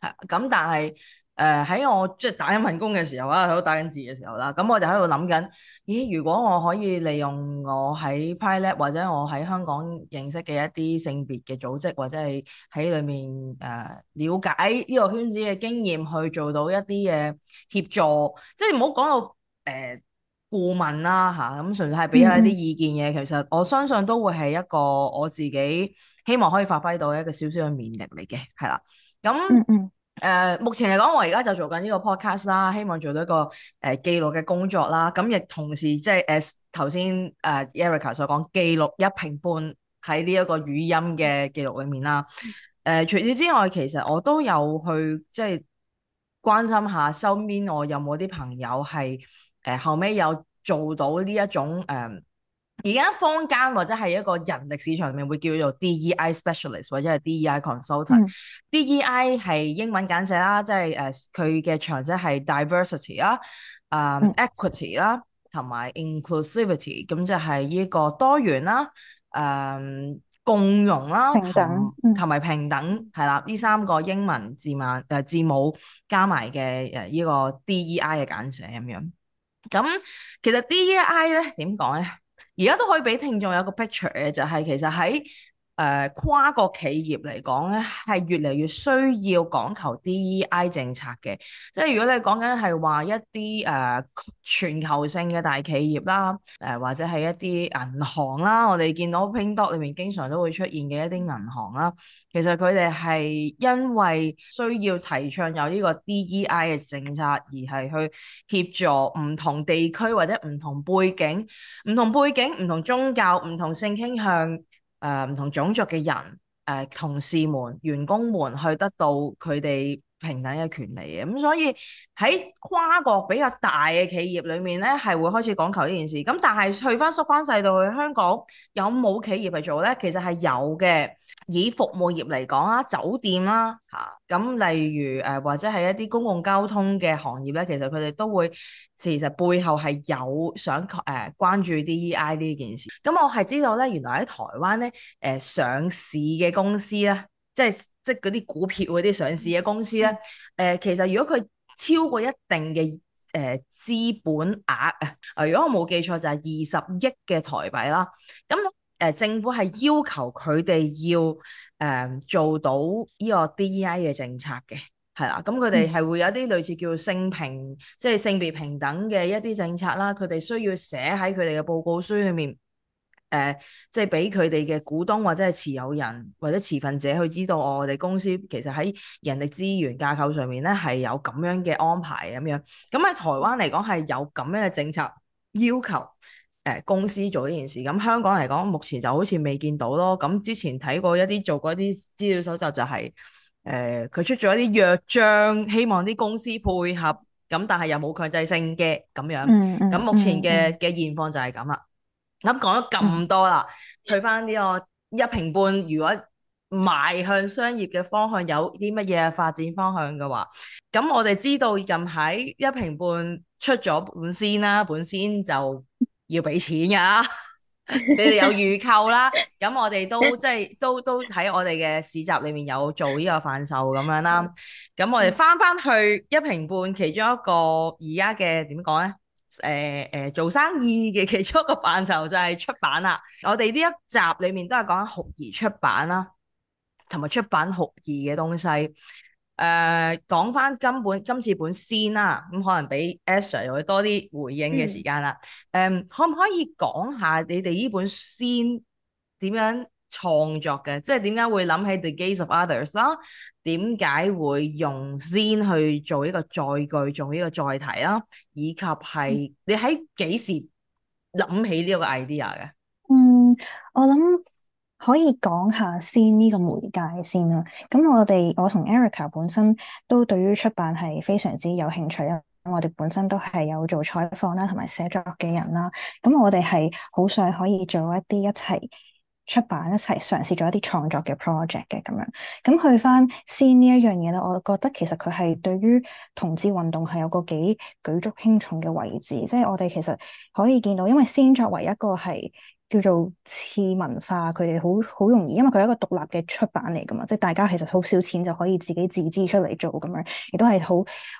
係咁但係。誒喺、呃、我即係打緊份工嘅時候啊，喺度打緊字嘅時候啦，咁我就喺度諗緊，咦、欸？如果我可以利用我喺 PrideLab 或者我喺香港認識嘅一啲性別嘅組織，或者係喺裏面誒、呃、了解呢個圈子嘅經驗，去做到一啲嘅協助，即係唔好講到誒、呃、顧問啦嚇，咁、啊、純粹係俾一啲意見嘅，嗯、哼其實我相信都會係一個我自己希望可以發揮到一個少少嘅勉力嚟嘅，係啦，咁。嗯。誒、呃，目前嚟講，我而家就做緊呢個 podcast 啦，希望做到一個誒、呃、記錄嘅工作啦。咁亦同時即係誒頭、呃、先誒 Erica 所講記錄一坪半喺呢一個語音嘅記錄裏面啦。誒、呃，除此之外，其實我都有去即係關心下身邊我有冇啲朋友係誒、呃、後尾有做到呢一種誒。呃而家坊間或者係一個人力市場裡面會叫做 D E I Specialist 或者係 D E I Consultant。嗯、D E I 係英文簡寫啦，即、就、係、是、誒佢嘅長者係 Diversity 啦、啊、誒、嗯 um, Equity 啦、啊、同埋 Inclusivity，咁就係呢個多元啦、啊、誒、嗯、共融啦、啊、平等同埋平等係啦。呢、嗯、三個英文字母誒字母加埋嘅誒呢個 D E I 嘅簡寫咁樣。咁其實 D E I 咧點講咧？而家都可以俾聽眾有個 picture 嘅，就係其實喺。呃、跨國企業嚟講咧，係越嚟越需要講求 DEI 政策嘅。即係如果你講緊係話一啲誒、呃、全球性嘅大企業啦，誒、呃、或者係一啲銀行啦，我哋見到 Pink Dot 裏面經常都會出現嘅一啲銀行啦，其實佢哋係因為需要提倡有呢個 DEI 嘅政策，而係去協助唔同地區或者唔同背景、唔同背景、唔同宗教、唔同性傾向。誒、uh, 唔同種族嘅人，誒、uh, 同事們、員工們，去得到佢哋平等嘅權利嘅，咁、嗯、所以喺跨國比較大嘅企業裏面咧，係會開始講求呢件事。咁但係去翻縮翻細度去香港，有冇企業去做咧？其實係有嘅。以服務業嚟講啦，酒店啦、啊、嚇，咁例如誒、呃、或者係一啲公共交通嘅行業咧，其實佢哋都會其實背後係有想誒、呃、關注 DEI 呢件事。咁、嗯、我係知道咧，原來喺台灣咧誒、呃、上市嘅公司咧，即係。即嗰啲股票嗰啲上市嘅公司咧，誒、呃、其實如果佢超過一定嘅誒資本額，誒、呃，如果我冇記錯就係二十億嘅台幣啦。咁誒、呃、政府係要求佢哋要誒、呃、做到呢個 DEI 嘅政策嘅，係啦。咁佢哋係會有啲類似叫做性平，即係性別平等嘅一啲政策啦。佢哋需要寫喺佢哋嘅報告書裏面。誒、呃，即係俾佢哋嘅股東或者係持有人或者持份者去知道，哦、我哋公司其實喺人力資源架構上面咧，係有咁樣嘅安排咁樣。咁喺台灣嚟講係有咁樣嘅政策要求，誒、呃、公司做呢件事。咁香港嚟講，目前就好似未見到咯。咁之前睇過一啲做過一啲資料搜集，就是，就係誒佢出咗一啲約章，希望啲公司配合。咁但係又冇強制性嘅咁樣。咁目前嘅嘅現況就係咁啦。咁講咗咁多啦，去翻呢個一坪半，如果邁向商業嘅方向有啲乜嘢發展方向嘅話，咁我哋知道近排一坪半出咗本 zine 啦、啊，本 zine 就要俾錢噶、啊。 你哋有預購啦、啊，咁我哋都即係都都喺我哋嘅市集裡面有做呢個販售咁樣啦、啊。咁我哋翻翻去一坪半，其中一個而家嘅點講咧？誒誒，做生意嘅其中一個範疇就係出版啦。我哋呢一集裏面都係講緊酷兒出版啦，同埋出版酷兒嘅東西。誒，講翻今本今次本先啦，咁可能俾 Astor 又會多啲回應嘅時間啦。誒，可唔可以講下你哋呢本先點樣？創作嘅，即係點解會諗起 the gaze of others 啦？點解會用先去做一個載具，做一個題呢個載體啦？以及係你喺幾時諗起呢個 idea 嘅？嗯，我諗可以講下先呢個媒介先啦。咁我哋我同 Erica 本身都對於出版係非常之有興趣啦。咁我哋本身都係有做採訪啦，同埋寫作嘅人啦。咁我哋係好想可以做一啲一齊。出版一齊嘗試咗一啲創作嘅 project 嘅咁樣，咁去返先呢一樣嘢咧，我覺得其實佢係對於同志運動係有個幾舉足輕重嘅位置，即係我哋其實可以見到，因為先作為一個係叫做次文化，佢哋好好容易，因為佢係一個獨立嘅出版嚟㗎嘛，即係大家其實好少錢就可以自己自資出嚟做咁樣，亦都係好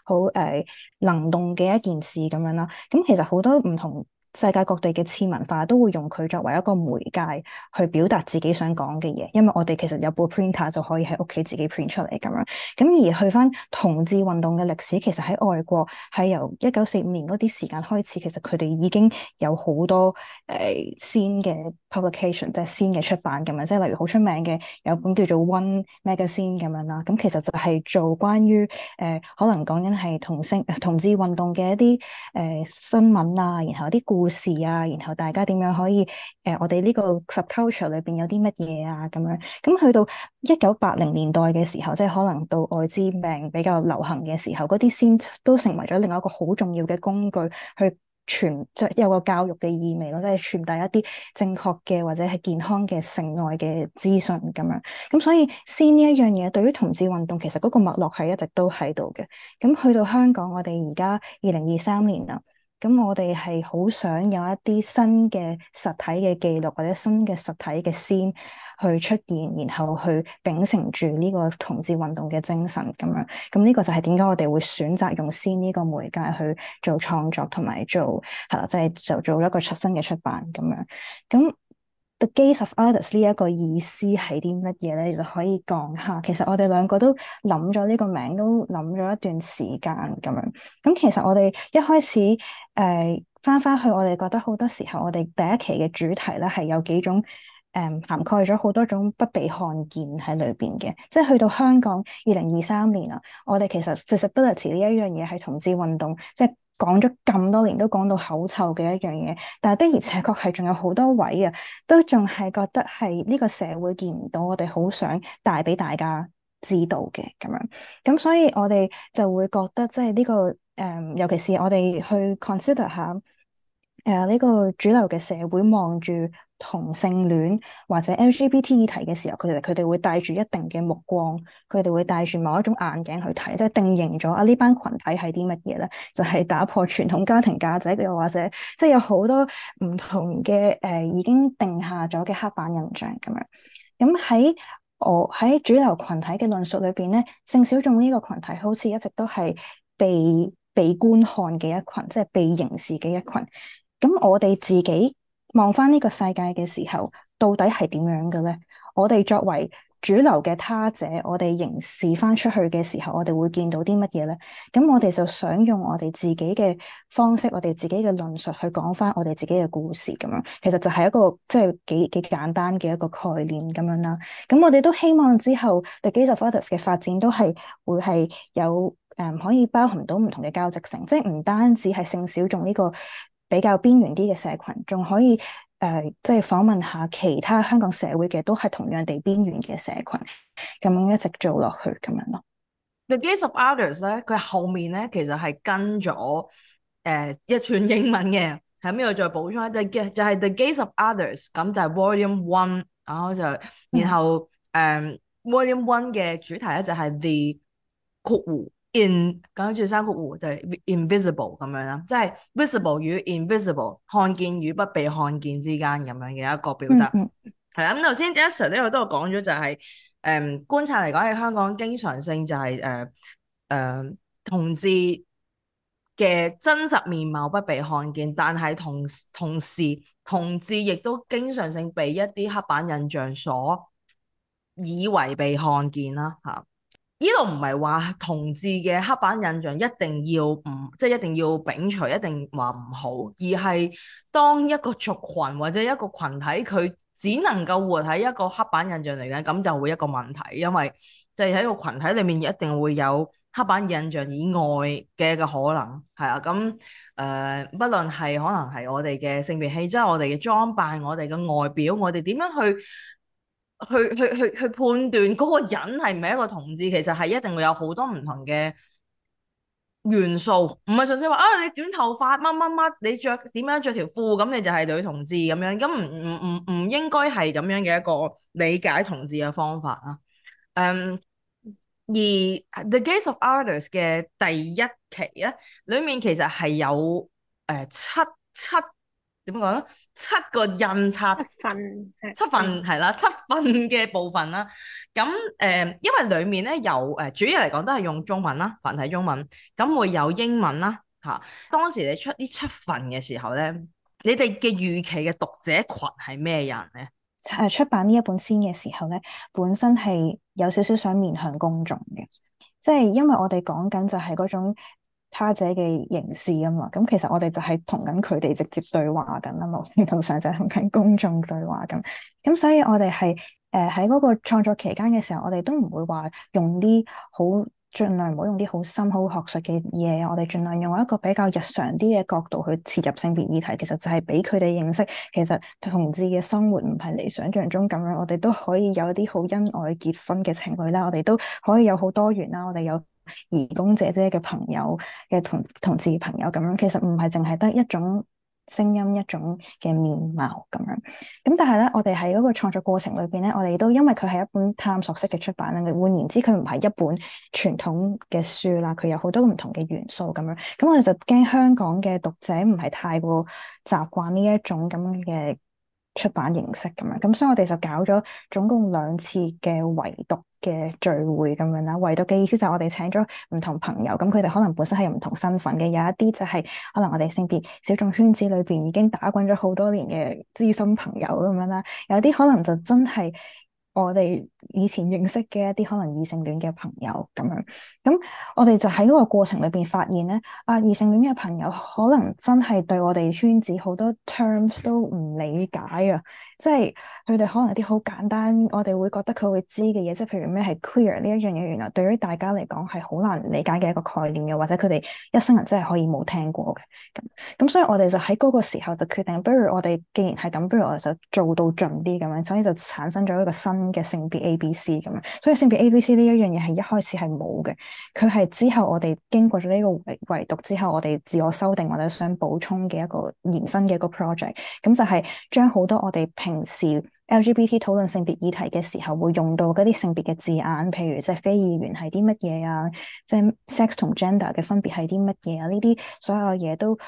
好誒能動嘅一件事咁樣啦。咁其實好多唔同。世界各地嘅次文化都會用佢作為一個媒介去表達自己想講嘅嘢，因為我哋其實有部 printer 就可以喺屋企自己 print 出嚟咁樣。咁而去翻同志運動嘅歷史，其實喺外國係由一九四五年嗰啲時間開始，其實佢哋已經有好多誒、呃、先嘅。Publication 即係 zine 嘅出版咁樣，即係例如好出名嘅有本叫做 One Magazine 咁樣啦，咁其實就係做關於誒、呃、可能講緊係同性同志運動嘅一啲誒、呃、新聞啊，然後啲故事啊，然後大家點樣可以誒、呃、我哋呢個 subculture 裏邊有啲乜嘢啊咁樣，咁去到一九八零年代嘅時候，即係可能到愛滋病比較流行嘅時候，嗰啲 zine 都成為咗另外一個好重要嘅工具去。傳即有個教育嘅意味咯，即係傳遞一啲正確嘅或者係健康嘅性愛嘅資訊咁樣。咁所以先呢一樣嘢，對於同志運動其實嗰個脈絡係一直都喺度嘅。咁去到香港，我哋而家二零二三年啦。咁我哋係好想有一啲新嘅實體嘅記錄或者新嘅實體嘅書去出現，然後去秉承住呢個同志運動嘅精神咁樣。咁呢個就係點解我哋會選擇用書呢個媒介去做創作同埋做，係啦，即係就是、做一個出新嘅出版咁樣。咁。The Gaze of Others 呢一個意思係啲乜嘢咧？就可以講下。其實我哋兩個都諗咗呢個名，都諗咗一段時間咁樣。咁其實我哋一開始誒，翻返去，我哋覺得好多時候，我哋第一期嘅主題咧係有幾種誒、呃、涵蓋咗好多種不被看見喺裏邊嘅。即係去到香港二零二三年啦，我哋其實 visibility 呢一樣嘢係同志運動即係。即係講咗咁多年都講到口臭嘅一樣嘢，但係的而且確係仲有好多位啊，都仲係覺得係呢個社會見唔到，我哋好想帶俾大家知道嘅咁樣，咁所以我哋就會覺得即係呢個誒、呃，尤其是我哋去 consider 下誒呢個主流嘅社會望住同性戀或者 LGBT 議題嘅時候，佢哋佢哋會帶住一定嘅目光，佢哋會帶住某一種眼鏡去睇，即係定型咗啊！呢班群體係啲乜嘢咧？就係、是、打破傳統家庭價值，又或者即係有好多唔同嘅誒、呃、已經定下咗嘅刻板印象咁樣。咁喺我喺主流群體嘅論述裏邊咧，性小眾呢個群體好似一直都係被被觀看嘅一群，即係被凝視嘅一群。咁我哋自己。望翻呢個世界嘅時候，到底係點樣嘅咧？我哋作為主流嘅他者，我哋凝視翻出去嘅時候，我哋會見到啲乜嘢咧？咁我哋就想用我哋自己嘅方式，我哋自己嘅論述去講翻我哋自己嘅故事咁樣。其實就係一個即係幾幾簡單嘅一個概念咁樣啦。咁我哋都希望之後 The Gayest Photos 嘅發展都係會係有誒、呃、可以包含到唔同嘅交集性，即係唔單止係性小眾呢、這個。比較邊緣啲嘅社群，仲可以誒、呃，即係訪問下其他香港社會嘅，都係同樣地邊緣嘅社群，咁樣一直做落去咁樣咯。The gaze of others 咧，佢後面咧，其實係跟咗誒、呃、一串英文嘅，係咩再補充一隻嘅，就係、是、The gaze of others，咁就係、啊嗯 um, Volume One，然後誒 Volume One 嘅主題咧就係 The 曲弧。in 咁住山谷湖就是、invisible 咁樣啦，即、就、係、是、visible 與 invisible，看見與不被看見之間咁樣嘅一個表達。係啦、嗯嗯，咁頭先 Jasper 咧佢都講咗就係、是、誒、嗯、觀察嚟講喺香港經常性就係誒誒同志嘅真實面貌不被看見，但係同同時同志亦都經常性被一啲刻板印象所以為被看見啦嚇。呢度唔係話同志嘅刻板印象一定要唔，即、就、係、是、一定要摒除，一定話唔好，而係當一個族群或者一個群體佢只能夠活喺一個刻板印象嚟咧，咁就會一個問題，因為就係喺個群體裏面一定會有刻板印象以外嘅一個可能，係啊，咁誒、呃，不論係可能係我哋嘅性別氣質、就是、我哋嘅裝扮、我哋嘅外表、我哋點樣去。去去去去判斷嗰個人係唔係一個同志，其實係一定會有好多唔同嘅元素，唔係純粹話啊你短頭髮乜乜乜，你着點樣着條褲，咁你就係女同志咁樣，咁唔唔唔唔應該係咁樣嘅一個理解同志嘅方法啊。誒、um, 而《The Gaze of Others》嘅第一期咧，裏面其實係有誒七、呃、七。七點講咧？七個印刷七份係啦，七份分嘅部分啦。咁誒、呃，因為裡面咧有誒，主要嚟講都係用中文啦，繁體中文。咁會有英文啦。嚇、啊，當時你出呢七份嘅時候咧，你哋嘅預期嘅讀者群係咩人咧？誒，出版呢一本先嘅時候咧，本身係有少少想面向公眾嘅，即係因為我哋講緊就係嗰種。他者嘅凝視啊嘛，咁其實我哋就係同緊佢哋直接對話緊啊，嘛，某程度上就係同緊公眾對話咁，咁所以我哋係誒喺嗰個創作期間嘅時候，我哋都唔會話用啲好盡量唔好用啲好深好學術嘅嘢，我哋盡量用一個比較日常啲嘅角度去切入性別議題，其實就係俾佢哋認識，其實同志嘅生活唔係你想象中咁樣，我哋都可以有啲好恩愛結婚嘅情侶啦，我哋都可以有好多元啦，我哋有。義工姐姐嘅朋友嘅同同志朋友咁樣，其實唔係淨係得一種聲音，一種嘅面貌咁樣。咁但係咧，我哋喺嗰個創作過程裏邊咧，我哋都因為佢係一本探索式嘅出版啦。換言之，佢唔係一本傳統嘅書啦，佢有好多唔同嘅元素咁樣。咁我哋就驚香港嘅讀者唔係太過習慣呢一種咁樣嘅出版形式咁樣。咁所以我哋就搞咗總共兩次嘅圍讀嘅聚會咁樣啦，圍讀嘅意思就係我哋請咗唔同朋友，咁佢哋可能本身係唔同身份嘅，有一啲就係可能我哋性別小眾圈子裏邊已經打滾咗好多年嘅知心朋友咁樣啦，有啲可能就真係。我哋以前認識嘅一啲可能異性戀嘅朋友咁樣，咁我哋就喺嗰個過程裏邊發現咧，啊異性戀嘅朋友可能真係對我哋圈子好多 terms 都唔理解啊，即係佢哋可能一啲好簡單，我哋會覺得佢會知嘅嘢，即係譬如咩係 queer 呢一樣嘢，原來對於大家嚟講係好難理解嘅一個概念，又或者佢哋一生人真係可以冇聽過嘅，咁，咁所以我哋就喺嗰個時候就決定，不如我哋既然係咁，不如我哋就做到盡啲咁樣，所以就產生咗一個新。嘅性別 A B C 咁樣，所以性別 A B C 呢一樣嘢係一開始係冇嘅，佢係之後我哋經過咗呢個圍讀之後，我哋自我修訂或者想補充嘅一個延伸嘅一個 project，咁就係將好多我哋平時 L G B T 討論性別議題嘅時候會用到嗰啲性別嘅字眼，譬如即係非二元係啲乜嘢啊，即係 sex 同 gender 嘅分別係啲乜嘢啊，呢啲所有嘢都。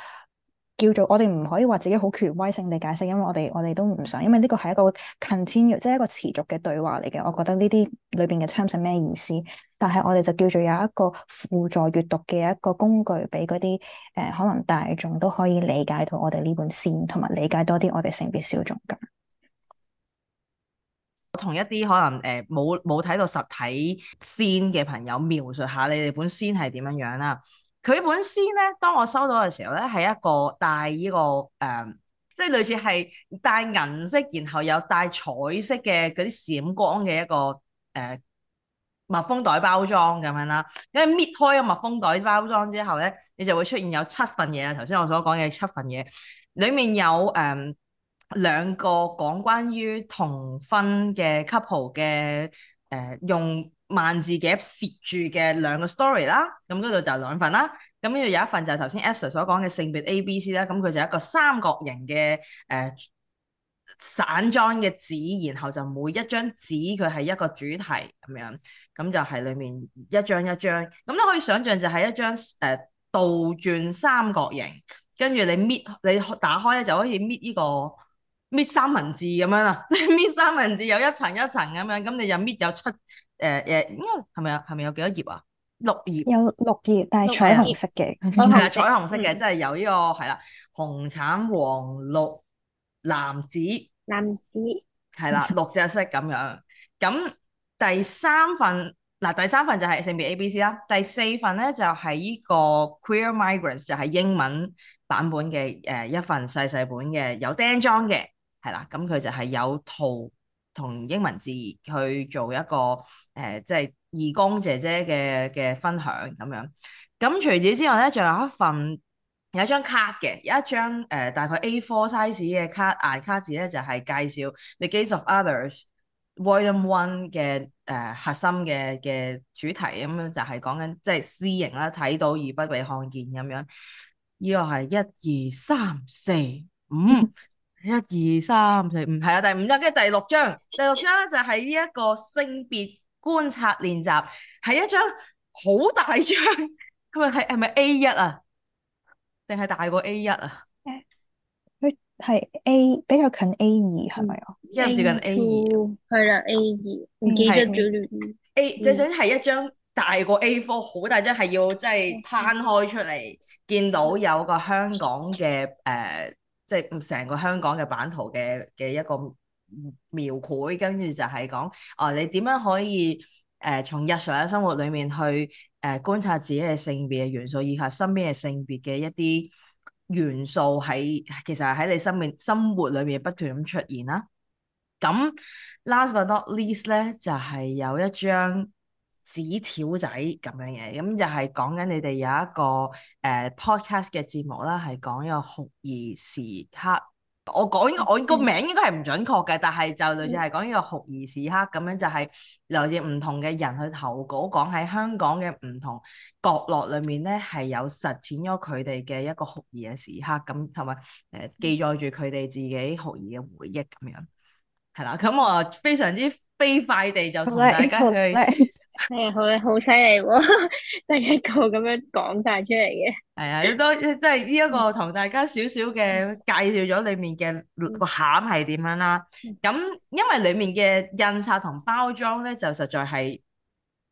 叫做我哋唔可以話自己好權威性地解釋，因為我哋我哋都唔想，因為呢個係一個 continual 即係一個持續嘅對話嚟嘅。我覺得呢啲裏邊嘅 terms 係咩意思？但係我哋就叫做有一個輔助閱讀嘅一個工具，俾嗰啲誒可能大眾都可以理解到我哋呢本 Zine，同埋理解多啲我哋性別小眾噶。同一啲可能誒冇冇睇到實體 Zine 嘅朋友，描述下你哋本 Zine 係點樣樣啦。佢本詩咧，當我收到嘅時候咧，係一個帶呢、這個誒、呃，即係類似係帶銀色，然後有帶彩色嘅嗰啲閃光嘅一個誒密封袋包裝咁樣啦。因為搣開個密封袋包裝之後咧，你就會出現有七份嘢啊！頭先我所講嘅七份嘢，裡面有誒、呃、兩個講關於同婚嘅 couple 嘅誒、呃、用。萬字夾攝住嘅兩個 story 啦，咁嗰度就兩份啦。咁呢度有一份就係頭先 Astor 所講嘅性別 A、B、C 啦，咁佢就一個三角形嘅誒、呃、散裝嘅紙，然後就每一張紙佢係一個主題咁樣，咁就係裡面一張一張。咁你可以想象就係一張誒倒轉三角形，跟住你搣你打開咧就可以搣呢、這個搣三文治咁樣啦，即係搣三文治有一層一層咁樣，咁你就搣又出。誒誒，應該係咪啊？係咪有幾多頁啊？六頁。有六頁，但係彩虹色嘅。係啊， 彩虹色嘅，即係有呢個係啦，紅橙黃綠藍紫。藍紫。係啦子，六隻色咁樣。咁 第三份嗱、啊，第三份就係性別 A B C 啦。第四份咧就係呢個 Queer Migrants，就係英文版本嘅誒一份細細本嘅，有釘裝嘅，係啦。咁佢就係有圖。同英文字去做一個誒、呃，即係義工姐姐嘅嘅分享咁樣。咁除此之外咧，仲有一份有一張卡嘅，有一張誒、呃、大概 A4 size 嘅卡，眼卡字咧就係、是、介紹《The Gates of Others Volume One》嘅、呃、誒核心嘅嘅主題，咁樣就係講緊即係視型啦，睇到而不被看見咁樣。呢、這個係一、二、三、 四、五。一二三四五，係啊，第五張，跟住第六張，第六張咧就喺呢一個性別觀察練習，係一張好大張，係咪係係咪 A 一啊？定係大過 A 一啊？佢係 A 比較近 A 二係咪啊？因為接 A 2, 近 A 二，係啦 A 二 2,，唔記得咗的 A 這張係一張大過 A 四，好大張，係要即係攤開出嚟，見到有個香港嘅誒。Uh, 即係成個香港嘅版圖嘅嘅一個描繪，跟住就係講哦，你點樣可以誒、呃、從日常嘅生活裡面去誒、呃、觀察自己嘅性別嘅元素，以及身邊嘅性別嘅一啲元素喺其實喺你身邊生活裡面不斷咁出現啦。咁 last but not least 咧，就係有一張。紙條仔咁樣嘅，咁就係講緊你哋有一個誒、uh, podcast 嘅節目啦，係講呢個酷兒時刻。我講我個名應該係唔準確嘅，但係就類似係講呢個酷兒時刻咁樣，就係留意唔同嘅人去投稿，講喺香港嘅唔同角落裏面咧，係有實踐咗佢哋嘅一個酷兒嘅時刻，咁同埋誒、記載住佢哋自己酷兒嘅回憶咁樣。係啦，咁我非常之飛快地就同大家去。係、 哎哦、 啊，好咧，好犀利喎！第一個咁樣講晒出嚟嘅，係啊，亦都即係呢一個同大家少少嘅介紹咗裡面嘅個餡係點樣啦。咁因為裡面嘅印刷同包裝咧，就實在係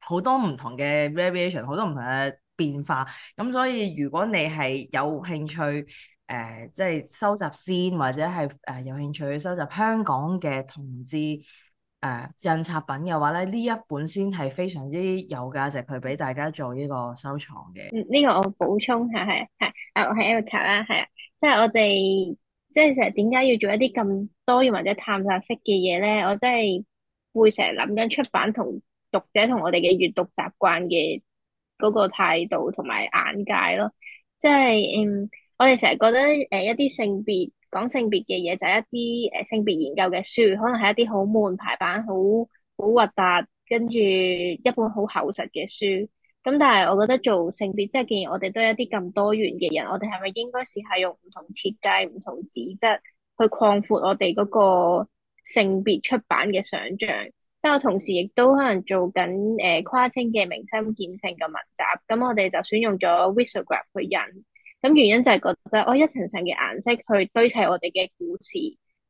好多唔同嘅 variation，好多唔同嘅變化。咁所以如果你係有興趣，誒、呃，即、就、係、是、收集先，或者係誒有興趣去收集香港嘅同志。誒，uh, 印刷品嘅話咧，呢一本先係非常之有價值，佢俾大家做呢個收藏嘅。呢、嗯這個我補充下，係係，誒，我係 Erica 啦，係啊，即係我哋即係成日點解要做一啲咁多樣或者探索式嘅嘢咧？我真係會成日諗緊出版同讀者同我哋嘅閱讀習慣嘅嗰個態度同埋眼界咯。即係嗯，我哋成日覺得誒一啲性別。講性別嘅嘢就係、一啲誒性別研究嘅書，可能係一啲好悶排版，好好核突，跟住一本好厚實嘅書。咁但係我覺得做性別，即係既然我哋都係一啲咁多元嘅人，我哋係咪應該試下用唔同設計、唔同紙質去擴闊我哋嗰個性別出版嘅想象？但係我同時亦都可能做緊誒、呃、跨清嘅明心見性嘅文集，咁我哋就選用咗 Risograph 去印。咁原因就係覺得，我、哦、一層層嘅顏色去堆砌我哋嘅故事，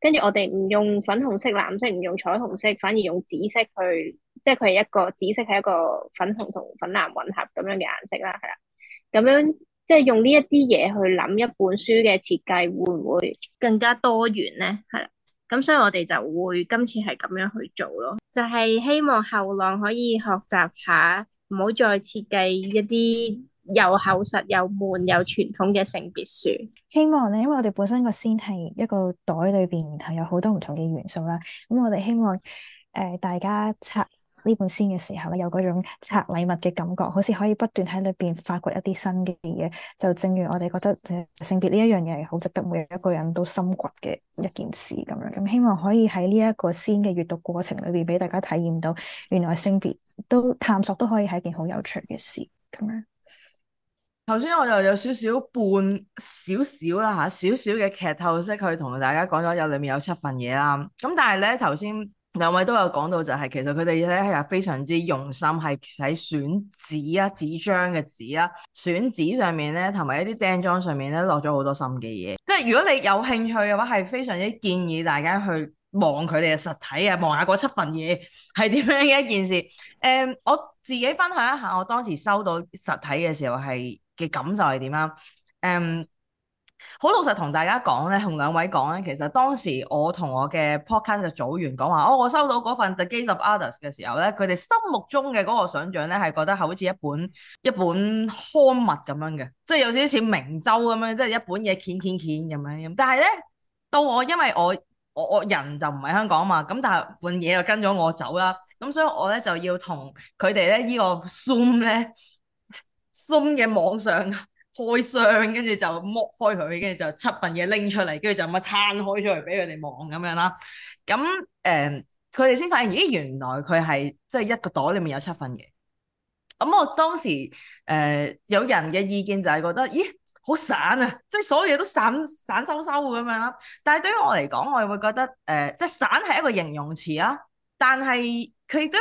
跟住我哋唔用粉紅色、藍色，唔用彩虹色，反而用紫色去，即係佢係一個紫色係一個粉紅同粉藍混合咁樣嘅顏色啦，係啦。咁樣即係用呢一啲嘢去諗一本書嘅設計，會唔會更加多元咧？係啦，咁所以我哋就會今次係咁樣去做咯，就係、是、希望後浪可以學習下，唔好再設計一啲，又厚實又悶又傳統嘅性別書，希望咧，因為我哋本身個 Zine 係一個袋裏邊，係有好多唔同嘅元素啦。咁我哋希望誒、呃、大家拆呢本書嘅時候咧，有嗰種拆禮物嘅感覺，好似可以不斷喺裏邊發掘一啲新嘅嘢。就正如我哋覺得、呃、性別呢一樣嘢，好值得每一個人都深掘嘅一件事咁樣。咁希望可以喺呢一個 Zine 嘅閱讀過程裏邊，俾大家體驗到原來性別都探索都可以係一件好有趣嘅事咁樣。頭先我就有少少半少少啦嚇，少少嘅劇透式，去同大家講咗有裏面有七份嘢啦。咁但係咧頭先兩位都有講到、就是，就係其實佢哋咧係非常之用心，係喺選紙啊、紙張嘅紙啊、選紙上面咧，同埋一啲釘裝上面咧落咗好多心機嘅嘢。即係如果你有興趣嘅話，係非常之建議大家去望佢哋嘅實體啊，望下嗰七份嘢係點樣嘅一件事。誒、嗯，我自己分享一下，我當時收到實體嘅時候係，嘅感受係點啊？誒，好老實同大家講咧，同兩位講咧，其實當時我同我嘅 podcast 嘅組員講話，我、哦、我收到嗰份 The Gates of Others 嘅時候咧，佢哋心目中嘅嗰個想像咧，係覺得好似一本一本刊物咁樣嘅，即係有少少似明周咁樣，即係一本嘢鉛鉛鉛咁樣。但係咧，到我因為我我我人就唔喺香港嘛，咁但係本嘢就跟咗我走啦，咁所以我咧就要同佢哋咧呢個 zine 咧。新嘅網上開箱，跟住就剝開佢，跟住就七份嘢拎出嚟，跟住就咁攤開出嚟俾佢哋望咁樣啦。咁誒，佢哋先發現咦，原來佢係即係一個袋裏面有七份嘢。咁我當時誒、呃，有人嘅意見就係覺得，咦，好散啊，即係所有嘢都散散修修咁樣啦。但係對於我嚟講，我又會覺得誒、呃，即係散係一個形容詞啊，但係佢都。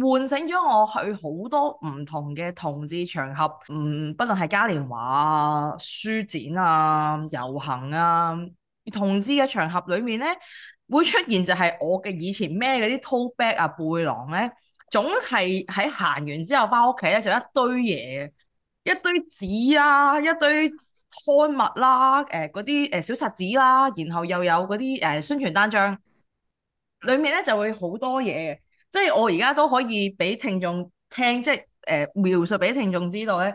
喚醒咗我去好多唔同嘅同志場合，嗯，不論係嘉年華啊、書展啊、遊行啊，同志嘅場合裏面咧，會出現就係我嘅以前孭嗰啲 tote bag 啊、背囊咧，總係喺行完之後翻屋企咧就一堆嘢，一堆紙啊，一堆刊物啦、啊，誒嗰啲誒小冊子啦、啊，然後又有嗰啲誒宣傳單張，裡面咧就會好多嘢。即係我而家都可以俾聽眾聽，即係誒描述俾聽眾知道咧。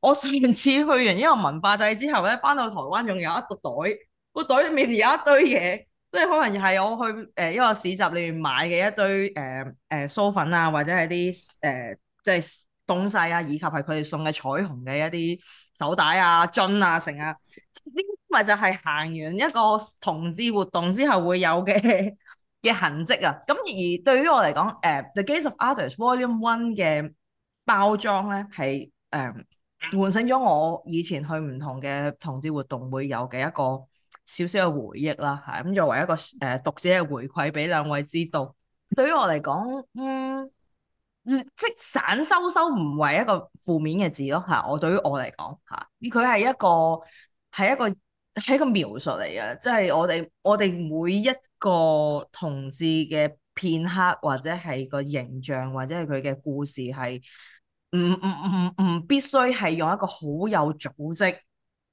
我上次去完呢個文化祭之後咧，翻到台灣仲有一個袋，個袋裏面有一堆嘢，即係可能係我去誒一個市集裏面買嘅一堆誒誒酥粉，啊，或者係啲誒即係東西啊，以及係佢哋送嘅彩虹嘅一啲手帶啊、樽啊、成啊，呢啲咪就係行完一個同志活動之後會有嘅。嘅痕跡啊，咁而對於我嚟講，誒、uh，《The Gates of Artists Volume One》嘅包裝咧，係誒喚醒咗我以前去唔同嘅同志活動會有嘅一個少少嘅回憶啦，係咁作為一個誒讀者嘅回饋，俾兩位知道。對於我嚟講、嗯，嗯，即散收收唔係一個負面嘅字咯，嚇我對於我嚟講嚇，佢係一個係一個。係一個描述嚟嘅，即係我哋我哋每一個同志嘅片刻，或者係個形象，或者係佢嘅故事，係唔唔唔唔必須係用一個好有組織，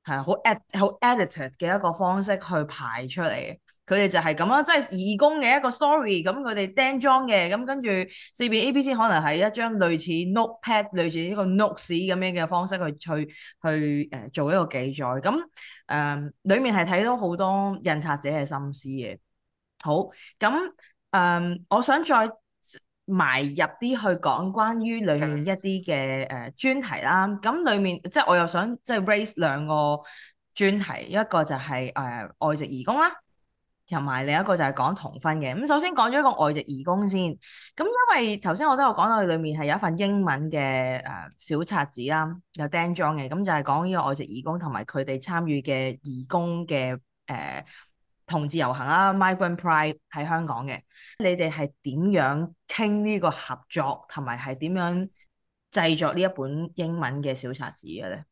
係好 at 好 edited 嘅一個方式去排出嚟。佢哋就係咁啦，即係義工嘅一個 story 咁佢哋釘裝嘅，咁跟住四邊 ABC 可能係一張類似 note pad、類似呢個 notes 咁樣嘅方式去去去誒做一個記載。咁誒、呃，裡面係睇到好多印刷者嘅心思嘅。好咁誒、呃，我想再埋入啲去講關於裡面一啲嘅誒專題啦。咁裡面即係我又想即係 raise 兩個專題，一個就係、係、誒、呃、外籍義工啦。同埋另一個就係講同婚嘅咁，首先講咗一個外籍義工先咁，因為頭先我都有講到佢裡面係有一份英文嘅誒小冊子啦，有釘裝嘅咁，就係講呢個外籍義工同埋佢哋參與嘅義工嘅誒、呃、同志遊行啦，Migrant Pride 喺香港嘅，你哋係點樣傾呢個合作同埋係點樣製作呢一本英文嘅小冊子嘅咧？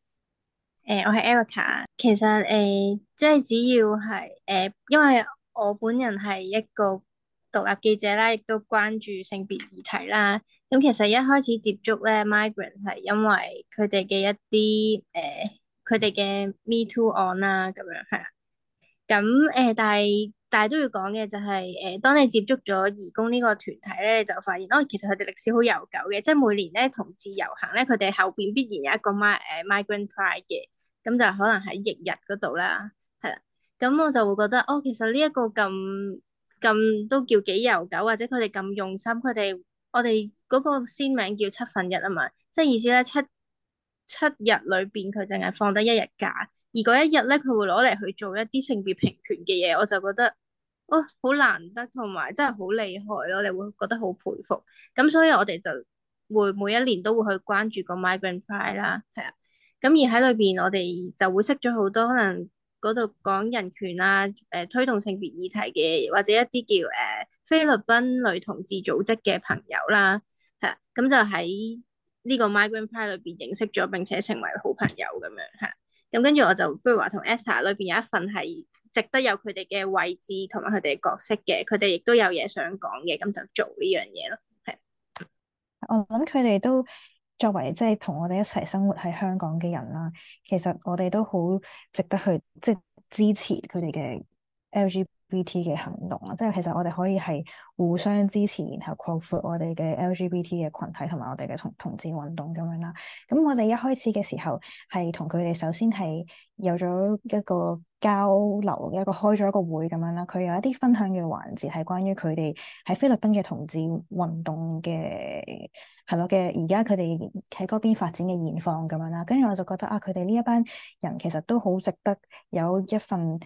誒、呃，我係 Erica，其實誒、呃，即係只要係誒、呃，因為我本人係一個獨立記者啦，亦都關注性別議題啦。咁、嗯、其實一開始接觸咧 migrant 係因為佢哋嘅一啲誒，佢哋嘅 Me Too 案啦咁樣係啊。咁、嗯、誒、嗯，但係但係都要講嘅就係、是、誒、呃，當你接觸咗移工呢個團體咧，你就發現哦，其實佢哋歷史好悠久嘅，即係每年咧同志遊行咧，佢哋後邊必然有一個 m 誒 migrant pride、呃、嘅，咁、嗯、就可能喺翌日嗰度啦。咁我就會覺得，哦，其實呢一個咁咁都叫幾悠久，或者佢哋咁用心，佢哋我哋嗰個先名叫七分一啊嘛，即係意思咧七七日裏邊佢淨係放得一日假，而嗰一日咧佢會攞嚟去做一啲性別平權嘅嘢，我就覺得，哦，好難得同埋真係好厲害咯，你會覺得好佩服。咁所以我哋就會每一年都會去關注個 Migrant Pride 啦，係啊，咁而喺裏邊我哋就會識咗好多可能。嗰度講人權啦，誒、呃、推動性別議題嘅，或者一啲叫誒、呃、菲律賓女同志組織嘅朋友啦，係，咁就喺呢個 Migrant Pride 裏邊認識咗，並且成為好朋友咁樣嚇。咁、嗯、跟住我就，不如話同 ASA 裏邊有一份係值得有佢哋嘅位置同埋佢哋角色嘅，佢哋亦都有嘢想講嘅，咁就做呢樣嘢咯，係。我諗佢哋都。作為即係同我哋一齊生活喺香港嘅人啦，其實我哋都好值得去即係、就是、支持佢哋嘅 LGBT 嘅行動啊！即係其實我哋可以係互相支持，然後擴闊我哋嘅 LGBT 嘅群體同埋我哋嘅同同志運動咁樣啦。咁我哋一開始嘅時候係同佢哋首先係有咗一個交流，一個開咗一個會咁樣啦。佢有一啲分享嘅環節係關於佢哋喺菲律賓嘅同志運動嘅。係咯嘅，而家佢哋喺嗰邊發展嘅現況咁樣啦，跟住我就覺得啊，佢哋呢一班人其實都好值得有一份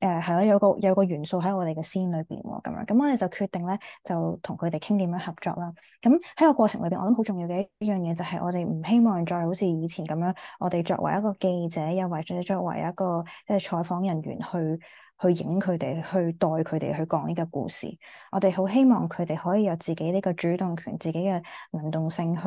誒係咯，有個有個元素喺我哋嘅 Zine 裏邊喎，咁樣咁我哋就決定咧，就同佢哋傾點樣合作啦。咁喺個過程裏邊，我諗好重要嘅一樣嘢就係我哋唔希望再好似以前咁樣，我哋作為一個記者，又或者作為一個即係採訪人員去。去影佢哋，去代佢哋去講呢個故事。我哋好希望佢哋可以有自己呢個主動權，自己嘅能動性去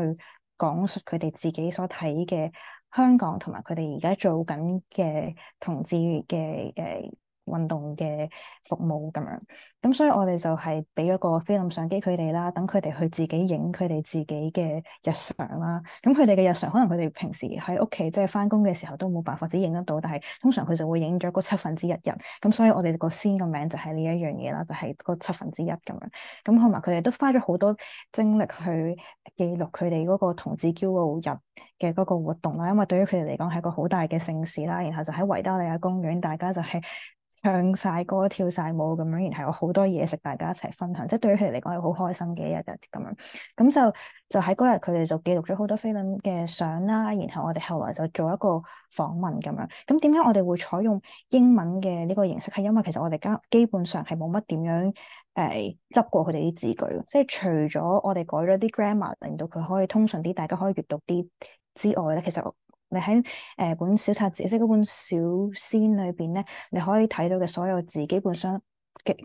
講述佢哋自己所睇嘅香港同埋佢哋而家做緊嘅同志嘅誒。Uh, 運動嘅服務咁樣，咁所以我哋就係俾咗個菲林相機佢哋啦，等佢哋去自己影佢哋自己嘅日常啦。咁佢哋嘅日常，可能佢哋平時喺屋企即係翻工嘅時候都冇辦法只影得到，但係通常佢就會影咗嗰七分之一日。咁所以我哋個 Zine 個名就係呢一樣嘢啦，就係、是、嗰七分之一咁樣。咁，同埋佢哋都花咗好多精力去記錄佢哋嗰個同志驕傲日嘅嗰個活動啦，因為對於佢哋嚟講係一個好大嘅盛事啦。然後就喺維多利亞公園，大家就係、是。唱晒歌、跳晒舞咁樣，然後有好多嘢食，大家一齊分享，即係對於佢哋嚟講係好開心嘅一日咁樣。咁就就喺嗰日佢哋就記錄咗好多菲林嘅相啦。然後我哋後來就做一個訪問咁樣。咁點解我哋會採用英文嘅呢個形式？係因為其實我哋家基本上係冇乜點樣誒執、哎、過佢哋啲字句，即係除咗我哋改咗啲 grammar，令到佢可以通順啲，大家可以閲讀啲之外咧，其實你喺誒、呃、本小冊子，即係嗰本小仙裏邊咧，你可以睇到嘅所有字，基本上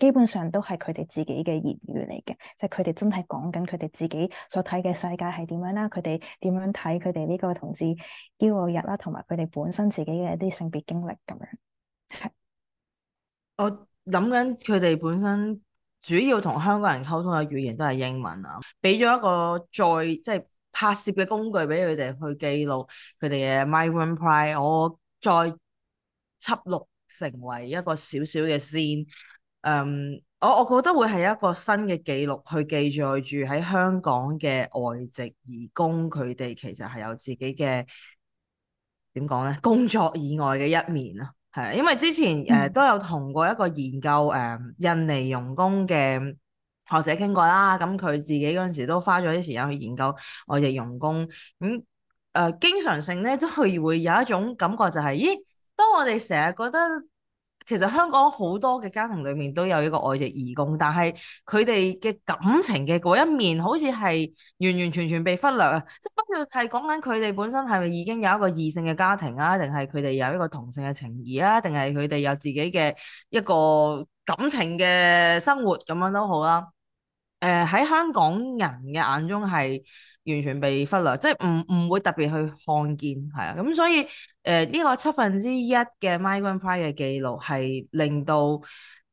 基本上都係佢哋自己嘅言語嚟嘅，即係佢哋真係講緊佢哋自己所睇嘅世界係點樣啦，佢哋點樣睇佢哋呢個同志驕傲日啦，同埋佢哋本身自己嘅一啲性別經歷咁樣。係，我諗緊佢哋本身主要同香港人溝通嘅語言都係英文啊，俾咗一個再即係。拍攝嘅工具俾佢哋去記錄佢哋嘅 migrant pride，我再輯錄成為一個小小嘅 Zine，嗯、um，我我覺得會係一個新嘅記錄去記載住喺香港嘅外籍移工佢哋其實係有自己嘅，點講咧，工作以外嘅一面啦，係啊，因為之前誒、嗯呃、都有同過一個研究誒、呃、印尼傭工嘅。學者傾過啦，咁佢自己嗰陣時都花咗啲時間去研究外籍傭工咁誒、嗯呃，經常性咧都係會有一種感覺就係、係，咦？當我哋成日覺得其實香港好多嘅家庭裡面都有一個外籍傭工，但係佢哋嘅感情嘅嗰一面好似係完完全全被忽略啊！即、就係、不過係講緊佢哋本身係咪已經有一個異性嘅家庭啊，定係佢哋有一個同性嘅情誼啊，定係佢哋有自己嘅一個感情嘅生活咁樣都好啦。誒喺、呃、香港人嘅眼中係完全被忽略，即係唔唔會特別去看見，係啊，咁、嗯、所以誒呢、呃這個七分之一嘅 Migrant Pride 嘅記錄係令到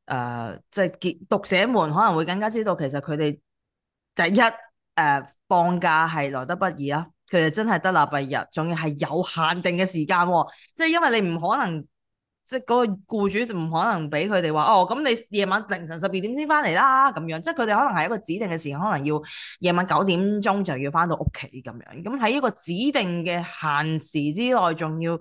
誒即係讀者們可能會更加知道其實佢哋第一誒、呃、放假係來得不易啦，佢哋真係得禮拜日，仲要係有限定嘅時間、哦，即係因為你唔可能。即係嗰個僱主就唔可能俾佢哋話哦，咁你夜晚凌晨十二點先翻嚟啦咁樣，即係佢哋可能係一個指定嘅時間，可能要夜晚九點鐘就要翻到屋企咁樣。咁喺一個指定嘅限時之內，仲要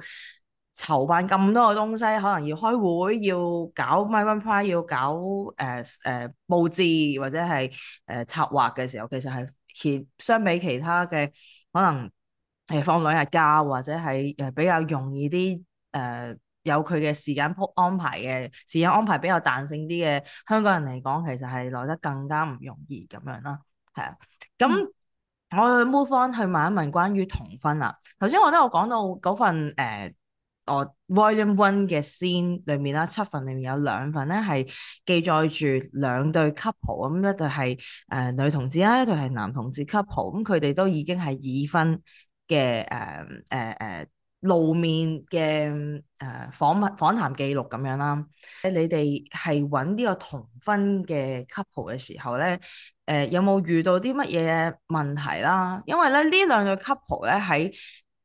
籌辦咁多嘅東西，可能要開會，要搞 microphone，要搞誒誒、呃呃、佈置或者係誒、呃、策劃嘅時候，其實係其相比其他嘅可能誒放兩日假或者係誒比較容易啲誒。呃有佢嘅時間安排嘅時間安排比較彈性啲嘅香港人嚟講，其實係來得更加唔容易咁樣啦，係啊。咁、嗯、我 move 翻去問一問關於同婚啦。頭先我覺得、呃、我講到嗰份誒我 Volume One 嘅 Zine 裡面啦，七份裡面有兩份咧係記載住兩對 couple 咁、呃，一對係誒女同志啦，一對係男同志 couple，咁佢哋都已經係已婚嘅誒誒誒。呃呃呃露面嘅誒訪問訪談記錄咁樣啦，誒你哋係揾呢個同婚嘅 couple 嘅時候咧，誒、呃、有冇遇到啲乜嘢問題啦？因為咧呢兩對 couple 咧喺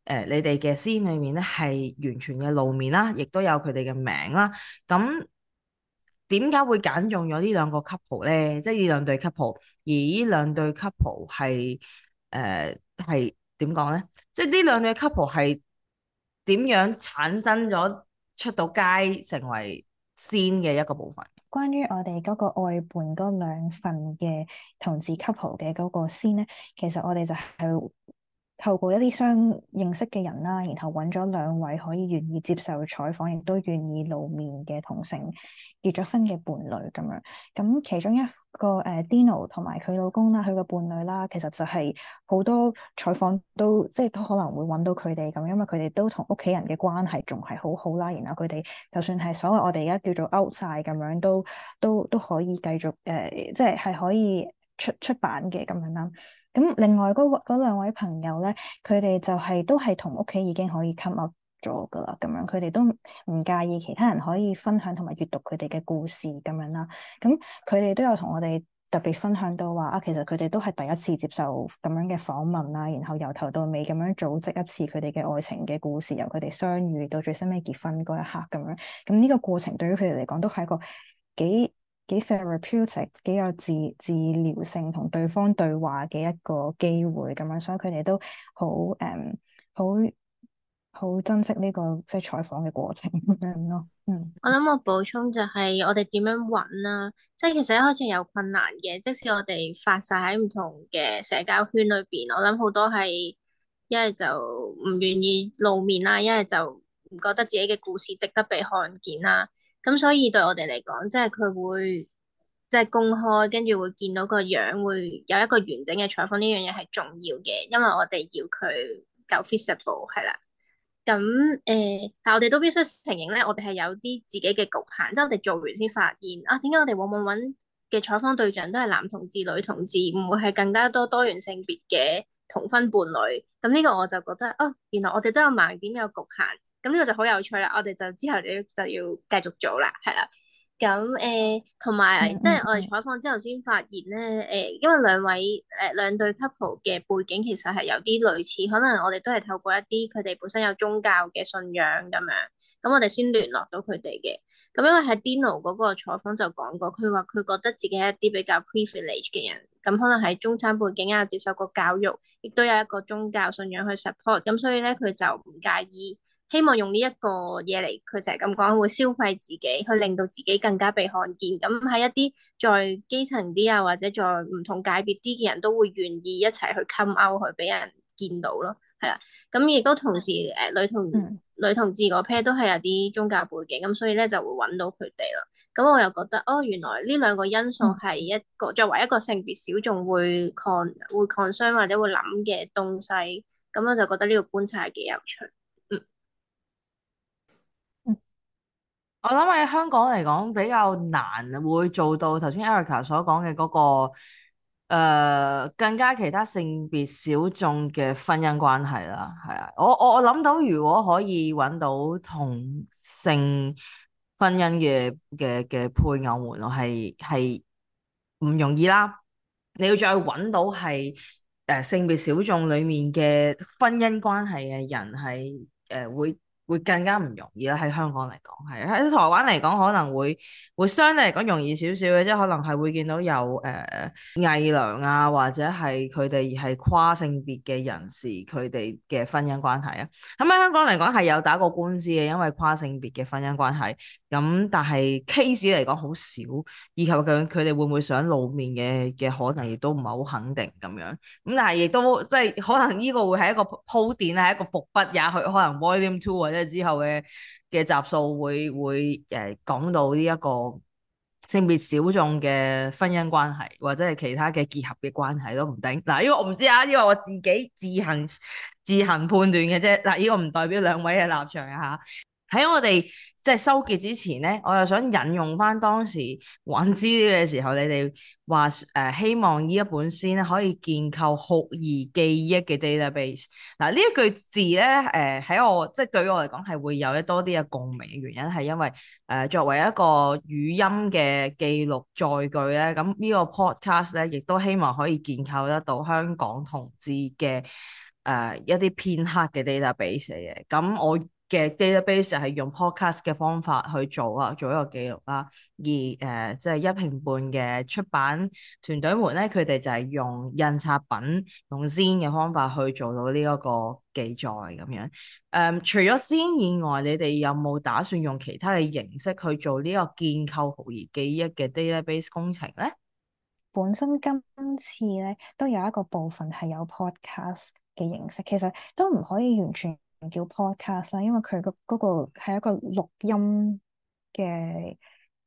誒你哋嘅 Zine 裏面咧係完全嘅露面啦，亦都有佢哋嘅名啦。咁點解會揀中咗呢兩個 couple 咧？即係、呃、呢兩對 couple，而呢兩對 couple 係誒係點講咧？即係呢兩對 couple 係。點樣產生咗出到街成為 Zine 嘅一個部分？關於我哋嗰個外伴嗰兩份嘅同志 couple 嘅嗰個 Zine 咧，其實我哋就係、是。透過一啲相認識嘅人啦，然後揾咗兩位可以願意接受採訪，亦都願意露面嘅同性結咗婚嘅伴侶咁樣。咁其中一個誒、呃，Dino 同埋佢老公啦，佢個伴侶啦，其實就係好多採訪都即係都可能會揾到佢哋咁，因為佢哋都同屋企人嘅關係仲係好好啦。然後佢哋就算係所謂我哋而家叫做 out 曬咁樣，都都都可以繼續誒、呃，即係係可以出出版嘅咁樣啦。咁另外嗰兩位朋友咧，佢哋就係、係、都係同屋企已經可以 come out 咗噶啦，咁樣佢哋都唔介意其他人可以分享同埋閱讀佢哋嘅故事咁樣啦。咁佢哋都有同我哋特別分享到話啊，其實佢哋都係第一次接受咁樣嘅訪問啊，然後由頭到尾咁樣組織一次佢哋嘅愛情嘅故事，由佢哋相遇到最收尾結婚嗰一刻咁樣。咁呢個過程對於佢哋嚟講都係一個幾幾 therapeutic 幾有自治療性同對方對話嘅一個機會咁樣，所以佢哋都好誒，好、um, 好珍惜呢、這個即係採訪嘅過程咁樣咯。 嗯，我諗我補充就係我哋點樣揾啦、啊，即係其實一開始有困難嘅，即使我哋發晒喺唔同嘅社交圈裏邊，我諗好多係一係就唔願意露面啦、啊，一係就唔覺得自己嘅故事值得被看見啦、啊。咁所以對我哋嚟講，即係佢會即係、就是、公開，跟住會見到個樣，會有一個完整嘅採訪呢樣嘢係重要嘅，因為我哋要佢夠 visible 係啦。咁誒、呃，但我哋都必須承認咧，我哋係有啲自己嘅局限，即、就、係、是、我哋做完先發現啊，點解我哋往往揾嘅採訪對象都係男同志、女同志，唔會係更加多多元性別嘅同婚伴侶？咁呢個我就覺得啊，原來我哋都有盲點，有局限。咁呢個就好有趣啦！我哋就之後就要繼續做啦，係啦。咁誒，同、呃、埋、嗯、即係我哋採訪之後先發現咧，誒、呃，因為兩位誒兩、呃、對 couple 嘅背景其實係有啲類似，可能我哋都係透過一啲佢哋本身有宗教嘅信仰咁樣。咁我哋先聯絡到佢哋嘅。咁因為喺 Dino 嗰個採訪就講過，佢話佢覺得自己係一啲比較 privileged 嘅人，咁可能喺中產背景啊，接受過教育，亦都有一個宗教信仰去 support。咁所以咧，佢就唔介意。希望用呢一個嘢嚟，佢就係咁講，會消費自己，去令到自己更加被看見。咁喺一啲再基層啲啊，或者再唔同界別啲嘅人都會願意一齊去勾勾，去俾人見到咯，係啦。咁、嗯、亦都同時誒、呃、女同女同志嗰 p 都係有啲宗教背景，咁所以咧就會揾到佢哋啦。咁我又覺得哦，原來呢兩個因素係一個作為一個性別小眾會 con 會或者會諗嘅東西，咁我就覺得呢個觀察係幾有趣。我諗喺香港嚟講比較難會做到頭先 Erica 所講嘅嗰個誒、呃、更加其他性別小眾嘅婚姻關係啦，係啊，我我我諗到如果可以搵到同性婚姻嘅嘅嘅配偶們，我係係唔容易啦，你要再搵到係誒、呃、性別小眾裏面嘅婚姻關係嘅人係誒、呃、會。會更加唔容易啦，喺香港嚟講係，喺台灣嚟講可能會會相對嚟講容易少少嘅，即係可能係會見到有誒、呃、藝良偽娘啊，或者係佢哋係跨性別嘅人士佢哋嘅婚姻關係啊。咁、嗯、喺香港嚟講係有打過官司嘅，因為跨性別嘅婚姻關係。咁、嗯、但係 case 嚟講好少，以及佢佢哋會唔會想露面嘅嘅可能，亦都唔係好肯定咁樣。咁但係亦都即係可能呢個會係一個鋪墊，係一個伏筆，也許可能 Volume Two 或者之後嘅嘅集數會會誒、呃、講到呢一個性別小眾嘅婚姻關係，或者係其他嘅結合嘅關係都唔定。嗱、啊、呢、這個我唔知啊，呢個我自己自行自行判斷嘅啫。嗱、啊、呢、這個唔代表兩位嘅立場嚇。啊。喺我哋即係收結之前咧，我又想引用翻當時揾資料嘅時候，你哋話誒、希望呢一本 zine 可以建構酷兒記憶嘅 database。嗱、啊、呢一句字咧，誒，喺我即係對我嚟講係會有一多啲嘅共鳴嘅原因係因為誒、呃、作為一個語音嘅記錄載具咧，咁呢個 podcast 咧，亦都希望可以建構得到香港同志嘅誒、呃、一啲偏黑嘅 database 嘅。咁我嘅 database 就係用 podcast 嘅方法去做啊，做一個記錄啦。而誒即係一坪半嘅出版團隊們咧，佢哋就係用印刷品、用 Zine 嘅方法去做到呢一個記載，咁樣誒除咗 Zine 以外，你哋有冇打算用其他嘅形式去做呢個建構酷兒記憶嘅 database 工程咧？本身今次咧都有一個部分係有 podcast 嘅形式，其實都唔可以完全。叫 Podcast 啦，因為佢嗰嗰個係一個錄音嘅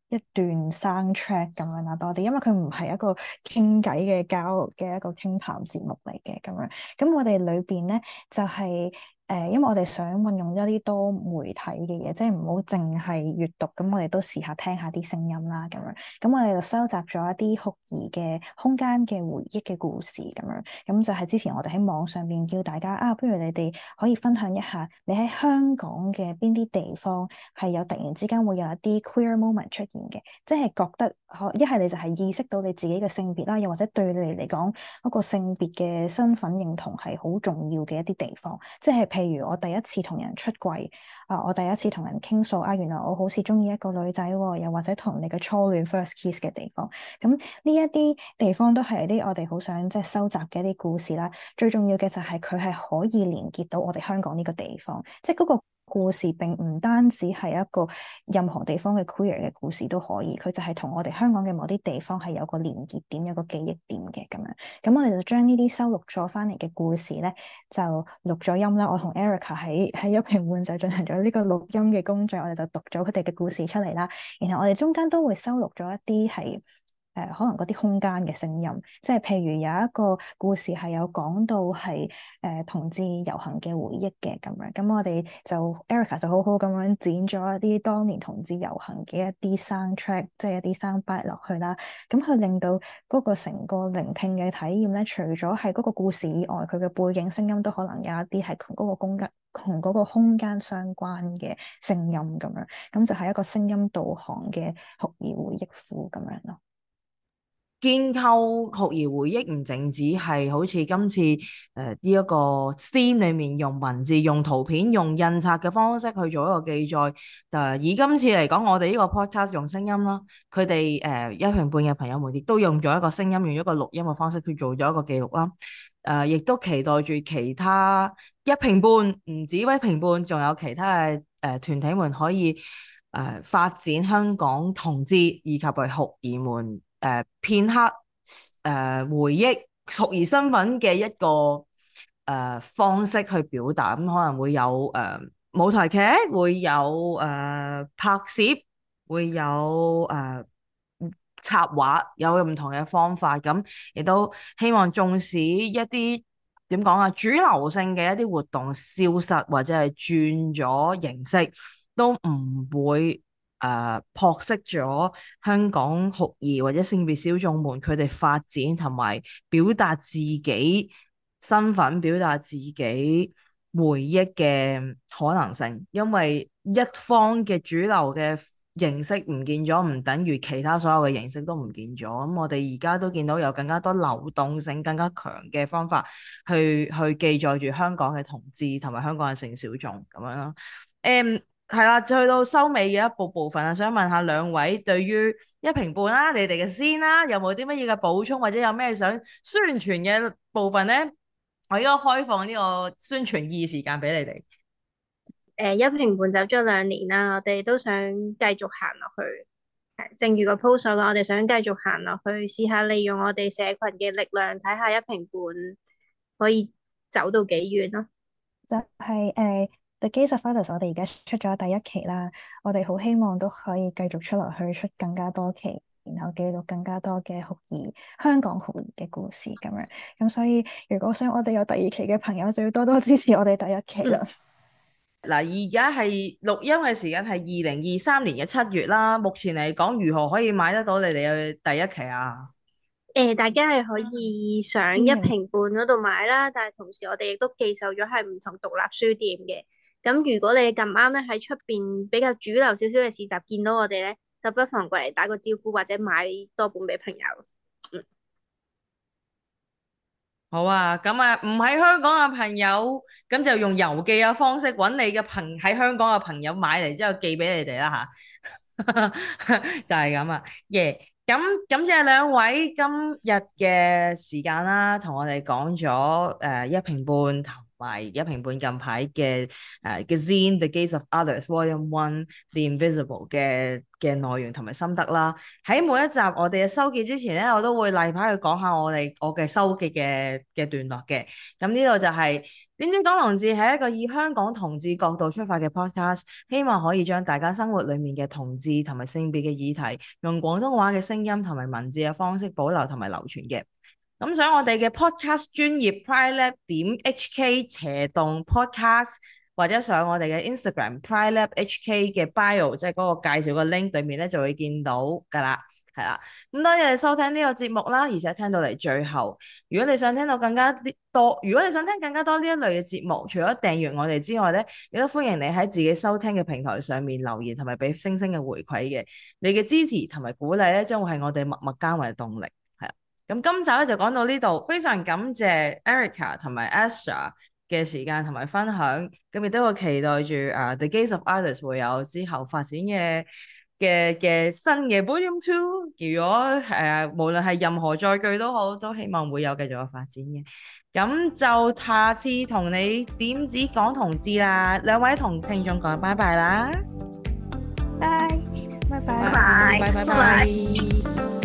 一段 soundtrack 咁樣啦多啲，因為佢唔係一個傾偈嘅交嘅一個傾談，談節目嚟嘅咁樣，咁我哋裏邊咧就係、是。誒，因為我哋想運用一啲多媒體嘅嘢，即係唔好淨係閱讀，咁我哋都試下聽下啲聲音啦，咁樣，咁我哋就收集咗一啲酷兒嘅空間嘅回憶嘅故事，咁樣，咁就係之前我哋喺網上面叫大家啊，不如你哋可以分享一下你喺香港嘅邊啲地方係有突然之間會有一啲 queer moment 出現嘅，即係覺得可一係你就係意識到你自己嘅性別啦，又或者對你嚟講個性別嘅身份認同係好重要嘅一啲地方，即係譬例如我第一次同人出櫃啊，我第一次同人傾訴啊，原來我好似中意一個女仔，又或者同你嘅初戀 first kiss 嘅地方，咁呢一啲地方都係啲我哋好想即係收集嘅一啲故事啦。最重要嘅就係佢係可以連結到我哋香港呢個地方，即係嗰個。故事並唔單止係一個任何地方嘅 queer 嘅故事都可以，佢就係同我哋香港嘅某啲地方係有個連結點，有個記憶點嘅咁樣。咁我哋就將呢啲收錄咗翻嚟嘅故事咧，就錄咗音啦。我同 Erica 喺喺一坪半就進行咗呢個錄音嘅工序，我哋就讀咗佢哋嘅故事出嚟啦。然後我哋中間都會收錄咗一啲係。誒、呃、可能嗰啲空間嘅聲音，即係譬如有一個故事係有講到係誒、呃、同志遊行嘅回憶嘅咁樣。咁我哋就 Erica 就好好咁樣剪咗一啲當年同志遊行嘅一啲 soundtrack，即係一啲 soundbite 落去啦。咁佢令到嗰個成個聆聽嘅體驗咧，除咗係嗰個故事以外，佢嘅背景聲音都可能有一啲係同嗰個空間同嗰個空間相關嘅聲音咁樣。咁就係一個聲音導航嘅酷兒回憶庫咁樣咯。建構酷兒回憶唔淨止係好似今次誒呢一個 Zine 裏面用文字、用圖片、用印刷嘅方式去做一個記載。誒以今次嚟講，我哋呢個 podcast 用聲音啦，佢哋誒一坪半嘅朋友們亦都用咗一個聲音、用咗一個錄音嘅方式去做咗一個記錄啦。誒、呃、亦都期待住其他一坪半，唔止一坪半，仲有其他嘅誒團體們可以誒、呃、發展香港同志以及為酷兒們。誒、呃、片刻誒、呃、回憶，酷兒身份嘅一個誒、呃、方式去表達，咁、嗯、可能會有誒、呃、舞台劇，會有誒拍攝，會有誒插畫，有唔同嘅方法，咁、嗯、亦都希望縱使一啲點講呀主流性嘅一啲活動消失或者係轉咗形式，都唔會，誒，撲熄咗香港酷兒或者性別小眾們佢哋發展同埋表達自己身份、表達自己回憶嘅可能性，因為一方嘅主流嘅形式唔見咗，唔等於其他所有嘅形式都唔見咗。咁、嗯、我哋而家都見到有更加多流動性、更加強嘅方法去去記載住香港嘅同志同埋香港嘅性小眾咁樣咯。誒、嗯。係啦，就去到收尾嘅一部部分啊，想問下兩位對於一坪半啦，你哋嘅 Zine 啦，有冇啲乜嘢嘅補充或者有咩想宣傳嘅部分咧？我依家開放呢個宣傳二時間俾你哋。誒、呃、一坪半走咗兩年啦，我哋都想繼續行落去。係，正如個 post 所講，我哋想繼續行落去，試下利用我哋社群嘅力量，睇下一坪半可以走到幾遠咯。就係、是、誒。呃《The Case of Fathers》我哋而家出咗第一期啦，我哋好希望都可以繼續出落去，出更加多期，然後記錄更加多嘅酷兒香港酷兒嘅故事咁樣。咁所以如果想我哋有第二期嘅朋友，就要多多支持我哋第一期啦。嗱、嗯，而家係錄音嘅時間係二零二三年嘅七月啦。目前嚟講，如何可以買得到你哋嘅第一期啊？誒、呃，大家係可以上一坪半嗰度買啦，嗯嗯、但係同時我哋亦都寄售咗係唔同獨立書店嘅。咁如果你咁啱咧喺出邊比較主流少少嘅市集見到我哋咧，就不妨過嚟打個招呼或者買多本俾朋友。嗯，好啊，咁啊，唔喺香港嘅朋友，咁就用郵寄嘅方式揾你嘅朋喺香港嘅朋友買嚟之後寄俾你哋啦吓， 就係咁啊，耶、yeah！咁感謝兩位今日嘅時間啦、啊，同我哋講咗誒一坪半。埋一坪半近排嘅誒《Gaze》《The, The Gaze of Others》Volume One，The《The Invisible》嘅嘅內容同埋心得啦。喺每一集我哋嘅收結之前咧，我都會例牌去講下我哋我嘅收結嘅嘅段落嘅。咁呢度就係、是、點知講同志係一個以香港同志角度出發嘅 Podcast，希望可以將大家生活裡面嘅同志同埋性別嘅議題，用廣東話嘅聲音同埋文字嘅方式保留同埋流傳嘅。咁想我哋嘅 Podcast 專業 PrideLab 點 H K 斜動 Podcast，或者上我哋嘅 Instagram PrideLab H K 嘅 bio，即係嗰個介紹個 link 對面咧就會見到㗎啦，係啦。咁多謝你收聽呢個節目啦，而且聽到嚟最後，如果你想聽到更加啲多，如果你想聽更加多呢一類嘅節目，除咗訂閱我哋之外咧，亦都歡迎你喺自己收聽嘅平台上面留言同埋俾星星嘅回饋嘅，你嘅支持同埋鼓勵咧，將會係我哋默默耕耘嘅動力。咁今集咧就講到呢度，非常感謝 Erica 同埋 Astor 嘅時間同埋分享，咁亦都會期待住啊 The Gates of Others 會有之後發展嘅嘅嘅新嘅 volume two。如果誒、呃、無論係任何載具都好，都希望會有繼續嘅發展嘅。咁就下次同你點止講同志啦，兩位同聽眾講拜拜啦，拜拜拜拜拜拜拜。